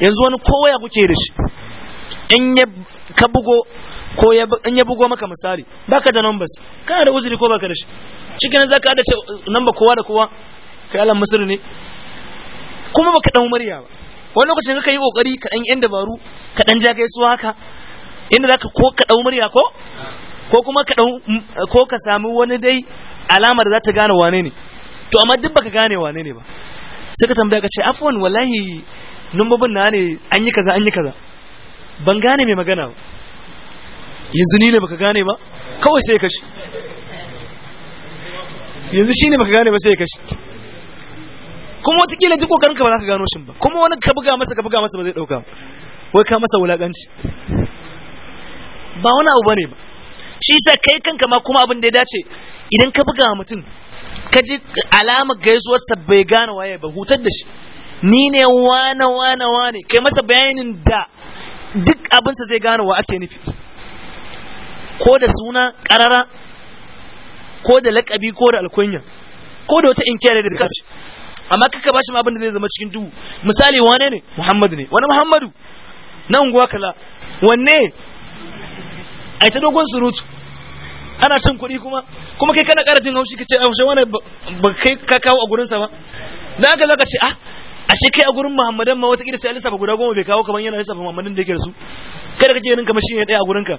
yanzu wani kowa ya kuke da shi in ya ka bugo ko in ya bugo maka misali baka da numbers kana da uzuri ko baka da shi cikin za ka adace uh, number kowa da kowa kai alam misir ne kuma baka dan murya ba wani lokacin ka yi kokari ka dan yan dabaru ka dan ja gaisuwa haka inda zaka ko ka dau murya ko ko kuma ka dau mm, ko ka sami wani dai alama da za ta gane wane ne to amma duk baka gane wane ne ba sai ka tambaya ka ce afwan wallahi numbobin na ne an yi kaza an yi kaza ban gane mai magana ba yanzu ni ne baka gane ba kawai sai ka shi yanzu shi ne baka gane ba sai ka shi kuma wataƙila duk kokarin ka ba za ka gano shi ba kuma wani ka buga masa ka buga masa ba zai ɗauka wai ka masa wulakanci ba wani abu bane ba shi sa kai kanka ma kuma abin da ya dace idan ka buga mutum ka ji alamar sa bai gane waye ba hutar da shi ni ne wane wane wane kai masa bayanin da duk abinsa zai gane wa ake nufi ko da suna ƙarara ko da lakabi, ko da alkunya ko da wata inkiyar da suka amma kaka bashi ma abin da zai zama cikin duhu misali wane ne Muhammad ne wani Muhammadu na unguwa kala wanne ai ta dogon surutu ana cin kuɗi kuma kuma kai kana ƙara jin haushi kace a wani ba kai ka kawo a gurinsa ba dan haka zaka ce ah ashe kai a gurin Muhammadan ma wata kila sai ba guda goma bai kawo kaman yana lissafa Muhammadan da yake su kai da kace ganin kamar ne ɗaya a gurin ka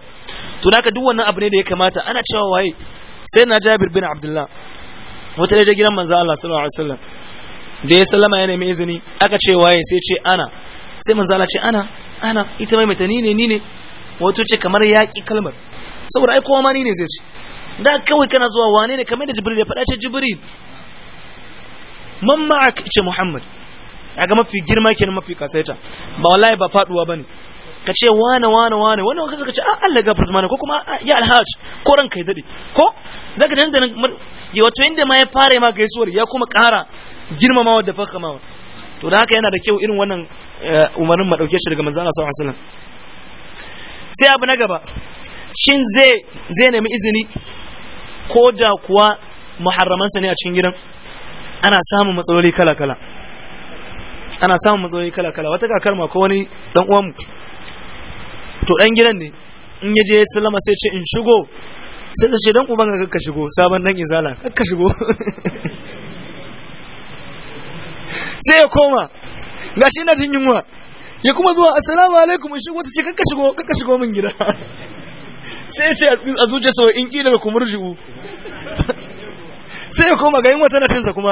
to naka duk wannan abu ne da ya kamata ana cewa waye sai na Jabir bin Abdullah wata da gidan manzo Allah sallallahu alaihi wasallam da ya sallama ya nemi izini aka ce waye sai ce ana sai manzo Allah ce ana ana ita mai mutane ne ni ne wato ce kamar yaki kalmar saboda ai kowa ma ni ne zai ce da kawai kana zuwa wane ne kamar da jibril ya faɗa ce jibril man ma'ak ce muhammad aga mafi girma kenan mafi kasaita ba wallahi ba faduwa bane ka ce wane wane wane wane wane ka ce a ah, Allah gafarta mana ko kuma ah, ya alhaj ko ran kai dade ko zaka dan da ya wato inda ma ya fara ma gaisuwar ya kuma ƙara girmamawa da fakhamawa to da haka yana da kyau irin wannan eh, umarnin ma dauke shi daga manzo Allah sallallahu sai abu na gaba shin zai zai nemi izini ko da kuwa muharramansa ne a cikin gidan ana samun matsaloli kala-kala ana samun matsaloli kala-kala wata kakar ma ko wani dan mu. to dan gidan ne in ya je sallama sai ce in shigo sai ta ce dan uban ka kakka shigo sabon dan izala kakka shigo (laughs) sai ya koma gashi ina jin yunwa ya kuma zuwa assalamu alaikum in shigo ta ce kakka shigo kakka shigo min gida (laughs) sai ya ce a sau in ki da kuma ruju'u (laughs) sai ya koma ga yunwa tana tinsa kuma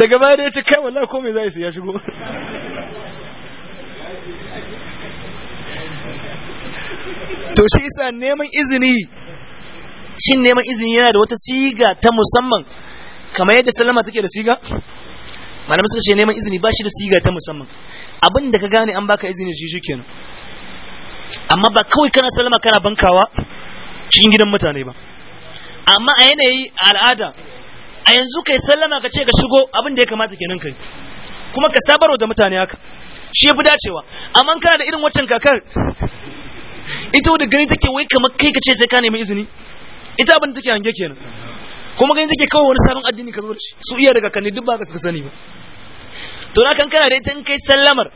daga baya da ya ce kai wallahi komai za su ya shigo to shi isa neman izini shin neman izini yana da wata siga ta musamman kamar yadda salama take da siga malamai suka ce neman izini ba shi da siga ta musamman abin da ka gane an baka izini shi shi kenan amma ba kawai kana salama kana bankawa cikin gidan mutane ba amma a yanayi al'ada a yanzu kai sallama ka ce ka shigo abin da ya kamata kenan kai kuma ka sabarwa da mutane haka shi fi dacewa amma kana da irin wancan kakar ita wadda gani take wai kamar kai ka ce sai ka nemi izini ita abin take hange kenan kuma gani take kawai wani sabon addini ka zo su iya daga kanni duk ba ka suka sani ba to na kan kana da ita in kai sallamar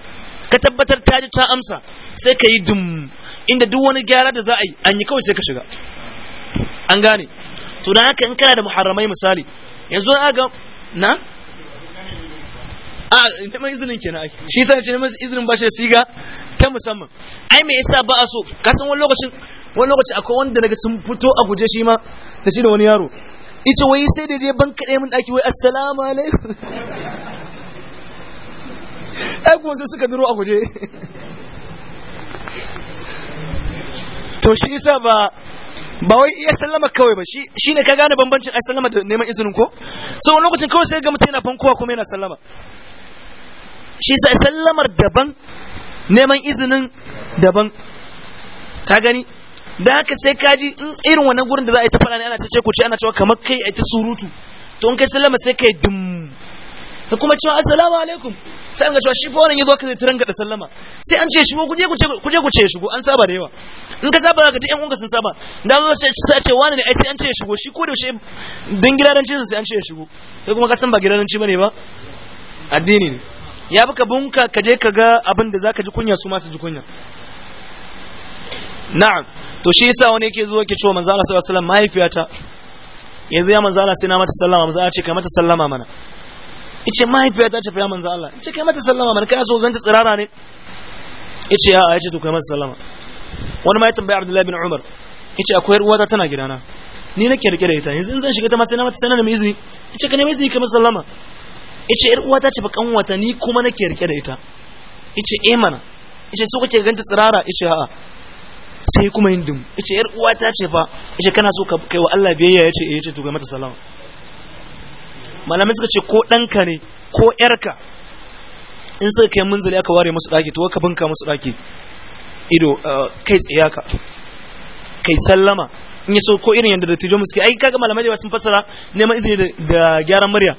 ka tabbatar ta ji ta amsa sai ka yi dum inda duk wani gyara da za a yi an yi kawai sai ka shiga an gane to na haka in kana da muharramai misali yanzu na ga na a neman izinin kenan ai shi sa ce neman izinin ba shi da siga ta musamman ai me yasa ba a so ka san wani lokacin wani lokaci akwai wanda naga sun fito a guje shi ma da shi da wani yaro ita wai sai da dai ban kaɗai min ɗaki wai assalamu alaikum ai kuma sai suka duro a guje to shi yasa ba ba wai iya sallama kawai ba shi ne ka gane bambancin ai sallama da neman izinin ko so wani lokacin kawai sai ga mutum yana fankowa kuma yana sallama shi sai sallamar daban neman izinin daban ka gani da haka sai kaji irin wannan gurin da za a yi ta fara ne ana cece ku ce ana cewa kamar kai a ta surutu to in kai sallama sai kai dum ta kuma cewa assalamu alaikum sai an ga cewa shi fa wannan yazo ka zai turan da sallama sai an ce shigo kuje kuje kuje kuje shigo an saba da yawa in ka saba ka ta yan uwanka sun saba da zo sai sai ce wani ne ai sai an ce shigo shi ko da yaushe dan gidaranci sai an ce shigo sai kuma ka san ba gidaranci bane ba addini ne ya baka bunka ka je ka ga abin da zaka ji kunya su ma su ji kunya na'am to shi yasa wani yake zuwa ke cewa manzo Allah sallallahu alaihi wasallam mahaifiyata yanzu ya manzo Allah sai na mata sallama manzo Allah ce kai mata sallama mana ice mahaifiyata ta fiya manzo Allah ice kai mata sallama mana kai zan ta tsirara ne ice ya yace to kai mata sallama wani ma ya tambaya Abdullahi bin Umar ice akwai ruwata tana gidana ni nake rike da ita yanzu in zan shiga ta ma sai na mata sanar da izini yace ka mai izini kai mata sallama yace yar uwa ta ce fa kanwata ni kuma nake rike da ita yace eh mana yace so kake ganta tsirara yace a'a sai kuma yin dum yace yar uwa ta ce fa yace kana so ka kai wa Allah biyayya yace eh yace to ga mata salama malamai suka ce ko ɗanka ne ko ƴarka in suka kai munzali aka ware musu daki to ka binka musu daki ido eh, kai tsiyaka kai sallama in ya so ko irin yadda dattijo musu ke ai kaga malamai da sun fassara neman izini da gyaran murya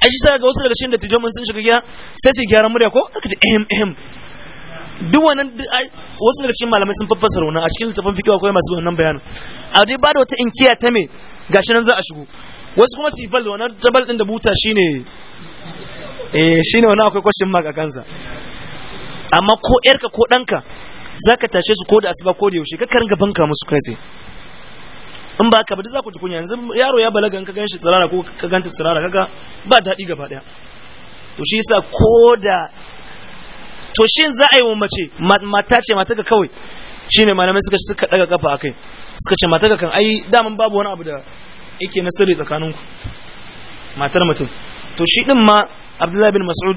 a shi ga wasu daga cikin da tijomin sun shiga gida sai su gyara murya ko aka ji ehem ehem duk wannan wasu daga cikin malamai sun fafasa wannan a cikin littafin fikiwa ko masu wannan bayanin a dai ba da wata inkiya ta me gashi nan za a shigo wasu kuma sifal wannan tabal din da buta shine eh shine wannan akwai question mark a kansa amma ko yarka ko danka zaka tashe su ko da asuba ko da yaushe ka ringa banka musu kai sai in ba ka ba za ku ji kunya yanzu yaro ya balaga ka ganshi tsirara ko ka ganta tsirara kaga ba daɗi gaba ɗaya to shi yasa ko da to shi za a yi mace mata ce mata ka kawai shine malamai suka suka daga kafa akai suka ce mata ka kan ai daman babu wani abu da yake na sirri tsakaninku matar mutum to shi din ma Abdullahi bin Mas'ud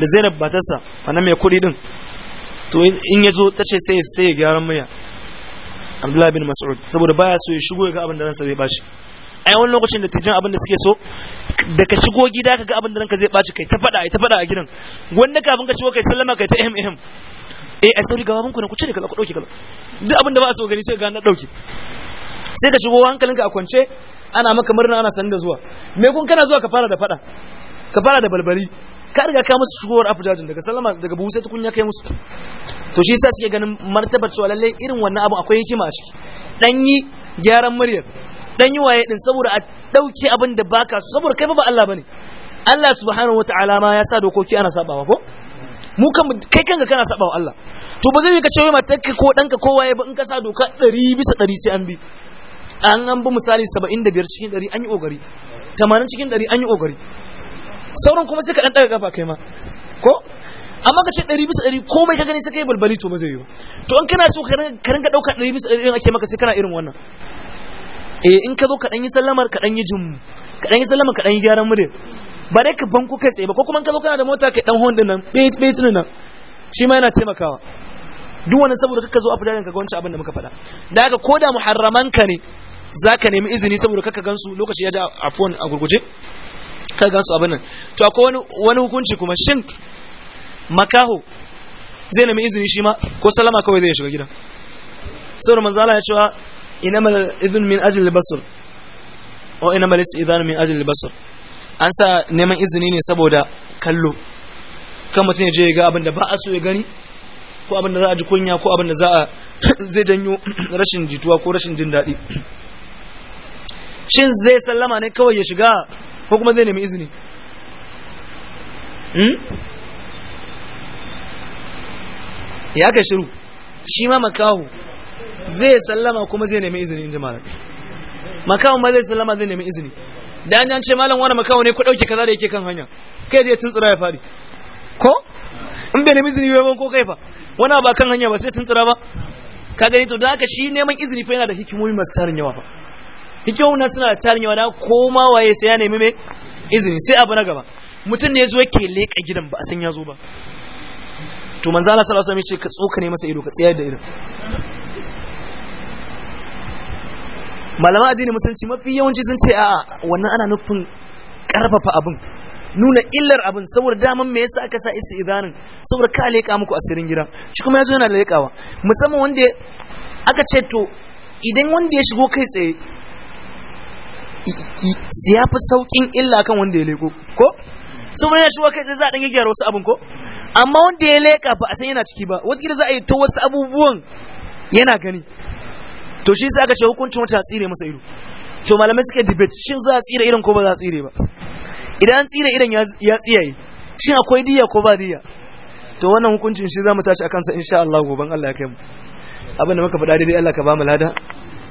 da Zainab batarsa na mai kuɗi din to in ya zo ta ce sai sai gyaran miya. abdullahi bin mas'ud saboda baya so ya shigo ya ga abin da ransa zai bashi ai wani lokacin da tijin abin da suke so da ka shigo gida ka ga abin da ranka zai bashi kai ta fada ai ta fada a gidan wanda kafin ka shigo kai sallama kai ta ehem ehem eh ai sai gawa ku na ku cire kaza ku dauke kaza duk abin da ba so gani sai ga na dauke sai ka shigo hankalinka a kwance ana maka murna ana san da zuwa me kun kana zuwa ka fara da fada ka fara da balbali ka riga ka musu shigowar afdajin daga sallama daga buhu sai tukunya kai musu to shi sa suke ganin martabar cewa lallai irin wannan abu akwai hikima a ciki yi gyaran muryar dan yi waye din saboda a dauke abin da baka su saboda kai ba Allah bane Allah subhanahu wataala ma ya sa dokoki ana sabawa ko mu kan kai kanka kana sabawa Allah to ba zai yi ka ce matarka ko danka ko waye ba in ka sa doka 100 bisa 100 sai an bi an an bi misali 75 cikin 100 an yi kokari 80 cikin 100 an yi kokari sauran kuma sai ka dan daga gaba kai ma ko amma ka ce ɗari bisa ɗari komai ka gani sai ka yi balbali to ba zai yi to in kana so ka rinka ɗauka ɗari bisa ɗari ake maka sai kana irin wannan eh in ka zo ka dan yi sallamar ka dan yi jum ka dan yi sallamar ka dan yi gyaran mure ba dai ka banko kai tsaye ba ko kuma in ka zo kana da mota kai ɗan hon nan bait bait nan shi ma yana taimakawa duk wannan saboda kaka zo a fidalin ka ga wancan abin da muka faɗa da haka ko da muharraman ka ne zaka nemi izini saboda kaka gansu lokaci ya da afuwan a gurguje ka gansu abin nan to akwai wani wani hukunci kuma shin makaho zai nemi izini shi ma ko salama kawai zai shiga gidan saboda manzo Allah ya cewa inama idhn min ajli basr o lis istidhan min ajli basr an sa neman izini ne saboda kallo kan mutum ya je ya ga abin da ba a so ya gani ko abin da za a ji kunya ko abin da za a (coughs) zai danyo (coughs) rashin jituwa ko rashin jin daɗi shin zai sallama ne kawai ya shiga ko kuma zai nemi izini hmm? ya ka shiru shi ma makahu zai sallama kuma zai nemi izini inji malam makahu ma zai sallama zai nemi izini da an ce malam wani makahu ne ku ɗauke kaza da yake kan hanya kai zai tuntsura ya faɗi ko in bai nemi izini yawon ko kai fa wani ba kan hanya ba sai tuntsura ba ka gani to da haka shi neman izini fa yana da hikimomi masu tarin yawa fa hikimomin suna da tarin yawa na koma waye sai ya nemi mai izini sai abu na gaba mutum ne zuwa zo yake leƙa gidan ba a san ya zo ba to manzo Allah sallallahu alaihi wasallam ya ce ka tsoka ne masa ido ka tsayar da ido malama addini musulunci mafi yawanci sun ce a'a wannan ana nufin karfafa abin nuna illar abin saboda daman me yasa aka sa isi idanin saboda ka leƙa muku asirin gida shi kuma yazo yana da leƙawa musamman wanda aka ce to idan wanda ya shigo kai tsaye ya fi saukin illa kan wanda ya leko ko saboda ya shi kai sai za a dan gyara wasu abin ko amma wanda ya leka ba a san yana ciki ba wasu za a yi ta wasu abubuwan yana gani to shi sai aka ce hukuncin wata tsire masa ido to malamai suke debate shin za a tsire irin ko ba za a tsire ba idan tsire irin ya tsiyaye shin akwai diya ko ba diya to wannan hukuncin shi za mu tashi a kansa insha Allah goban Allah ya kai mu abin da muka faɗa daidai Allah ka ba mu lada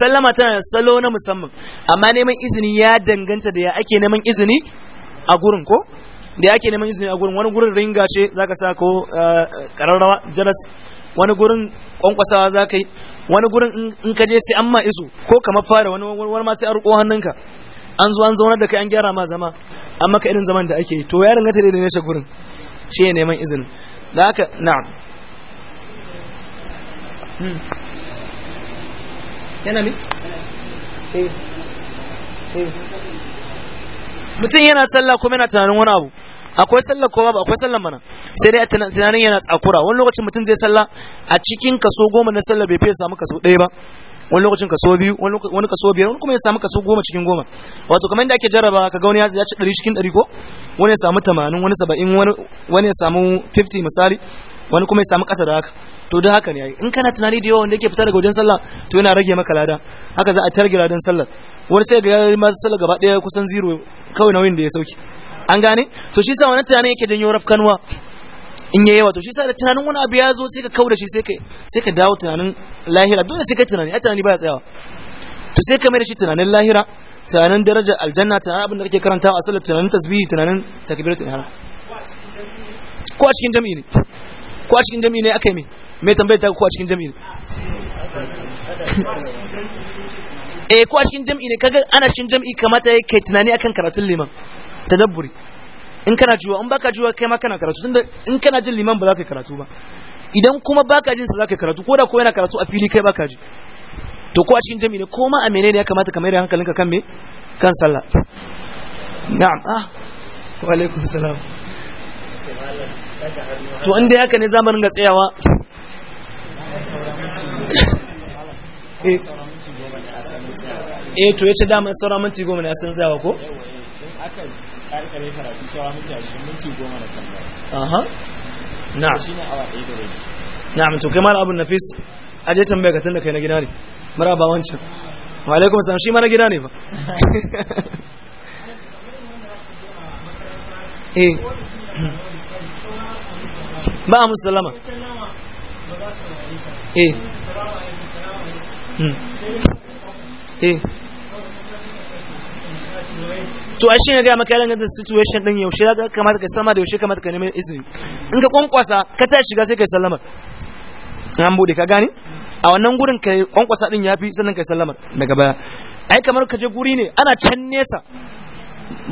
sallama tana da salo na musamman amma neman izini ya danganta da ya ake neman izini a gurin ko da ya ake neman izini a gurin wani gurin ringa ce za ka sa ko kararrawa eh, jaras wani gurin kwankwasawa za ka yi wani gurin in ka je sai an ma iso ko kama fara wani wani ma sai an riko hannunka an zo an zaunar da kai an gyara ma zama an maka irin zaman da ake yi to ya danganta da nace gurin shi ne neman izini da haka na'am hmm. yana eh. Eh. mutum yana sallah kuma yana tunanin wani abu akwai sallah ko babu akwai sallah mana sai dai tunanin yana tsakura wani lokacin mutum zai sallah a cikin kaso goma na sallah bai fiye samu kaso ɗaya ba wani lokacin kaso biyu wani kaso biyar wani kuma ya samu kaso goma cikin goma wato kamar yadda ake jaraba ka ga wani ya ci ɗari cikin ɗari ko wani ya samu tamanin wani saba'in wani ya samu 50 misali wani kuma ya samu ƙasa da haka to da haka ne in kana tunani da yawan da yake fitar daga wajen sallah to yana rage maka lada haka za a targe ladan sallar wani sai ga ya masu sallar gaba ɗaya kusan zero kawai nauyin da ya sauki an gane to shi sa wani tunanin yake janyo wa? in yayi wato shi sa da tunanin wani abu ya zo sai ka da shi sai ka sai ka dawo tunanin lahira dole sai ka tunani a tunani baya tsayawa to sai ka mai da shi tunanin lahira tunanin darajar aljanna tunanin abin da kake karantawa a sallar tunanin tasbihi tunanin takbiratul ihram ko a cikin jami'i ne ko a cikin jami'i ne aka yi min mai tambayar ta ko a cikin jami'i ne (laughs) eh ko a cikin jami'i ne kaga ana cikin jami'i kamata yayi kai tunani akan karatun liman tadabburi in kana juwa in baka juwa kai ma kana karatu tunda in kana jin liman ba za ka karatu ba idan kuma baka jin sa za ka karatu ko da ko yana karatu a fili kai baka ji to ko a cikin jami'i ne ko ma a menene ya kamata ka mai da hankalinka kan me kan sallah na'am ah wa alaikum salam to inda yaka ne zamanin ga tsayawa eh, eh to yace da mun saura minti goma ne a san zawa ko aka karkare karatu saura minti goma na kan aha na'am shine awa da kai nafis aje ka tunda kai na gida ne maraba wancan wa alaikum salam shi ma na gida ne fa (laughs) eh ba a musulama eh. hmm. eh. to a shine ga maka yaran da situation din yaushe ya kamata ka sama da yaushe kamata ka neman izini in ka kwankwasa ka ta shiga sai kai sallama an bude ka gane a wannan gurin kai kwankwasa din yafi sannan kai sallama daga baya ai kamar ka je guri ne ana can nesa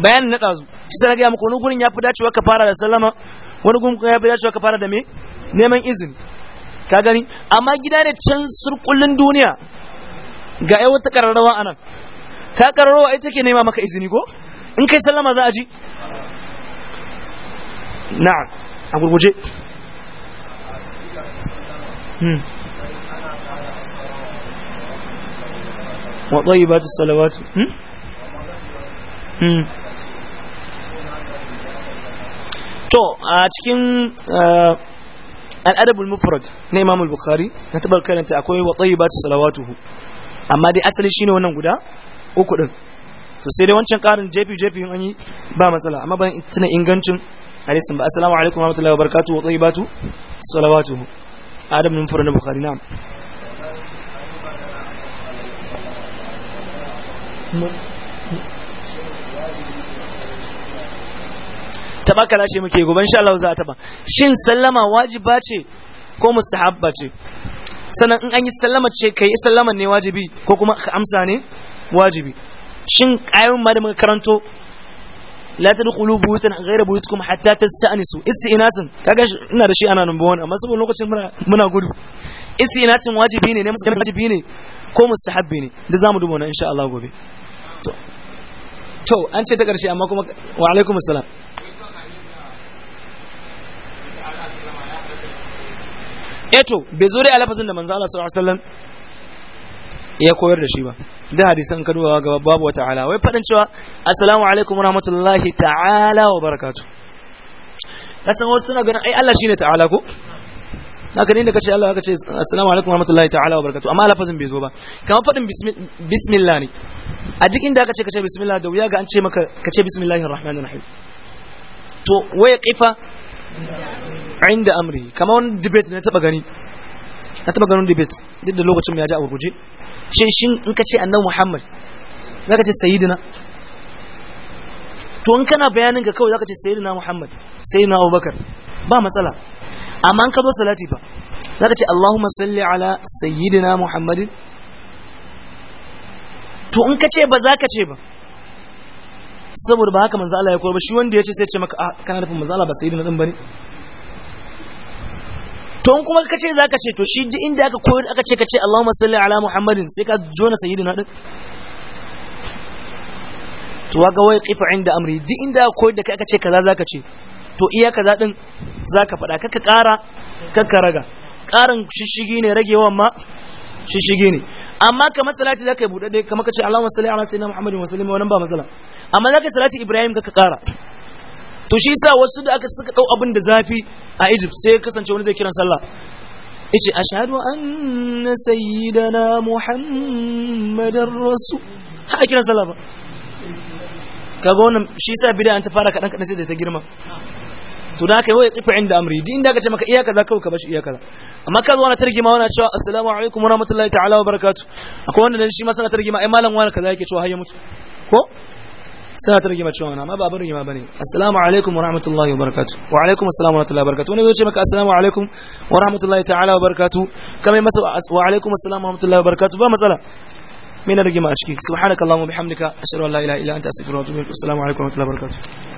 bayanin na ɗazu shi sai ga maka wani gurin yafi dacewa ka fara da sallama wani gungun ya bi dacewa ka fara da me neman izini ka gani amma gida ne can surkullin duniya ga yau wata kararrawa anan ka kararrawa ita take nema maka izini ko in kai sallama za a ji na'am a gurguje hmm. wa tsayi ba ta salawatu hmm? hmm. to a cikin al'adabul mufrad na imam bukhari na tabar karanta akwai wa tsayyibatu salawatuhu amma dai asali shine wannan guda uku din so sai dai wancan karin jefi jefi an yi ba matsala amma ban tuna ingancin hadisin ba assalamu alaikum wa rahmatullahi wa barakatuhu wa tayyibatu salawatuhu adam min furna bukhari na'am mm baka lashe muke gobe insha Allah za ta ba shin sallama wajiba ce ko mustahabba ce sannan in an yi sallama ce kai sallama ne wajibi ko kuma ka amsa ne wajibi shin ayoyin ma da muka karanto la tadkhulu buyutan ghayra buyutikum hatta tasta'nisu istinasin kaga ina da shi ana number 1 amma saboda lokacin muna muna gudu istinasin wajibi ne ne musu wajibi ne ko mustahabbi ne da zamu duba na insha Allah gobe to to an ce ta karshe amma kuma wa alaikumus salam eto bai zo dai a lafazin da manzo Allah sallallahu alaihi wasallam ya koyar da shi ba da hadisan kadu wa gaba babu wa ta'ala wai fadin cewa assalamu alaikum wa rahmatullahi ta'ala wa barakatuh kasan wasu suna ganin ai Allah shine ta'ala ko haka ne da kace Allah kace assalamu alaikum wa rahmatullahi ta'ala wa barakatuh amma lafazin bai zo ba kamar fadin bismillah ne a duk inda kace kace bismillah da wuya ga an ce maka kace bismillahir rahmanir rahim to waya kifa inda amri kama wani debate na taba gani na taba ganin debate duk da lokacin ya ji a gurguje shi in ka ce nan Muhammad ka ce sayidina? to in kana bayanin ga kawai ka ce sayidina Muhammad sayidina Abubakar ba matsala amma an ka zo salati za ka ce Allahumma salli ala sayidina Muhammadin to in ka ce ba za ka ce ba saboda ba haka manzala ya koyar ba shi wanda ya ce sai ce maka kana nufin manzala ba sayidina din ne? to in kuma kace zaka ce to shi duk inda aka koyar aka ce kace Allahumma salli ala Muhammadin sai ka jona sayyidina din to waga wai qifa inda amri duk inda aka koyar da kai aka ce kaza zaka ce to iya kaza din zaka fada kaka kara kaka raga karin shishigi ne ragewan ma shishigi ne amma kamar salati zaka yi buɗaɗɗe kamar kace Allahumma salli ala sayyidina Muhammadin wa sallim nan ba matsala amma zaka salati Ibrahim kaka kara to shi sa wasu da aka suka dau abin da zafi a Egypt sai kasance wani zai kiran sallah yace ashhadu anna sayyidana muhammadar rasul ha kiran sallah ba kaga wannan shi sa bid'a an ta fara kadan kadan sai da ta girma to da kai wai tsifa inda amri din da ka ce maka iyaka za ka ka bashi iyaka amma ka zo na tarjima wani cewa assalamu alaikum warahmatullahi ta'ala barakatuh akwai wanda dan shi ma sana targima ai malam wani kaza yake cewa har ya mutu ko suna ta rigima cewa amma ba abin rigima bane assalamu alaikum wa rahmatullahi wa barakatuh wa alaikum assalamu wa rahmatullahi wa barakatu wani zai ce maka assalamu alaikum wa rahmatullahi ta'ala wa barakatu kamar masa wa alaikum assalamu wa rahmatullahi wa barakatu ba matsala من الرجيم أشكيك سبحانك اللهم وبحمدك أشهد أن لا إله إلا أنت أستغفرك وأتوب إليك alaikum wa ورحمة wa barakatu.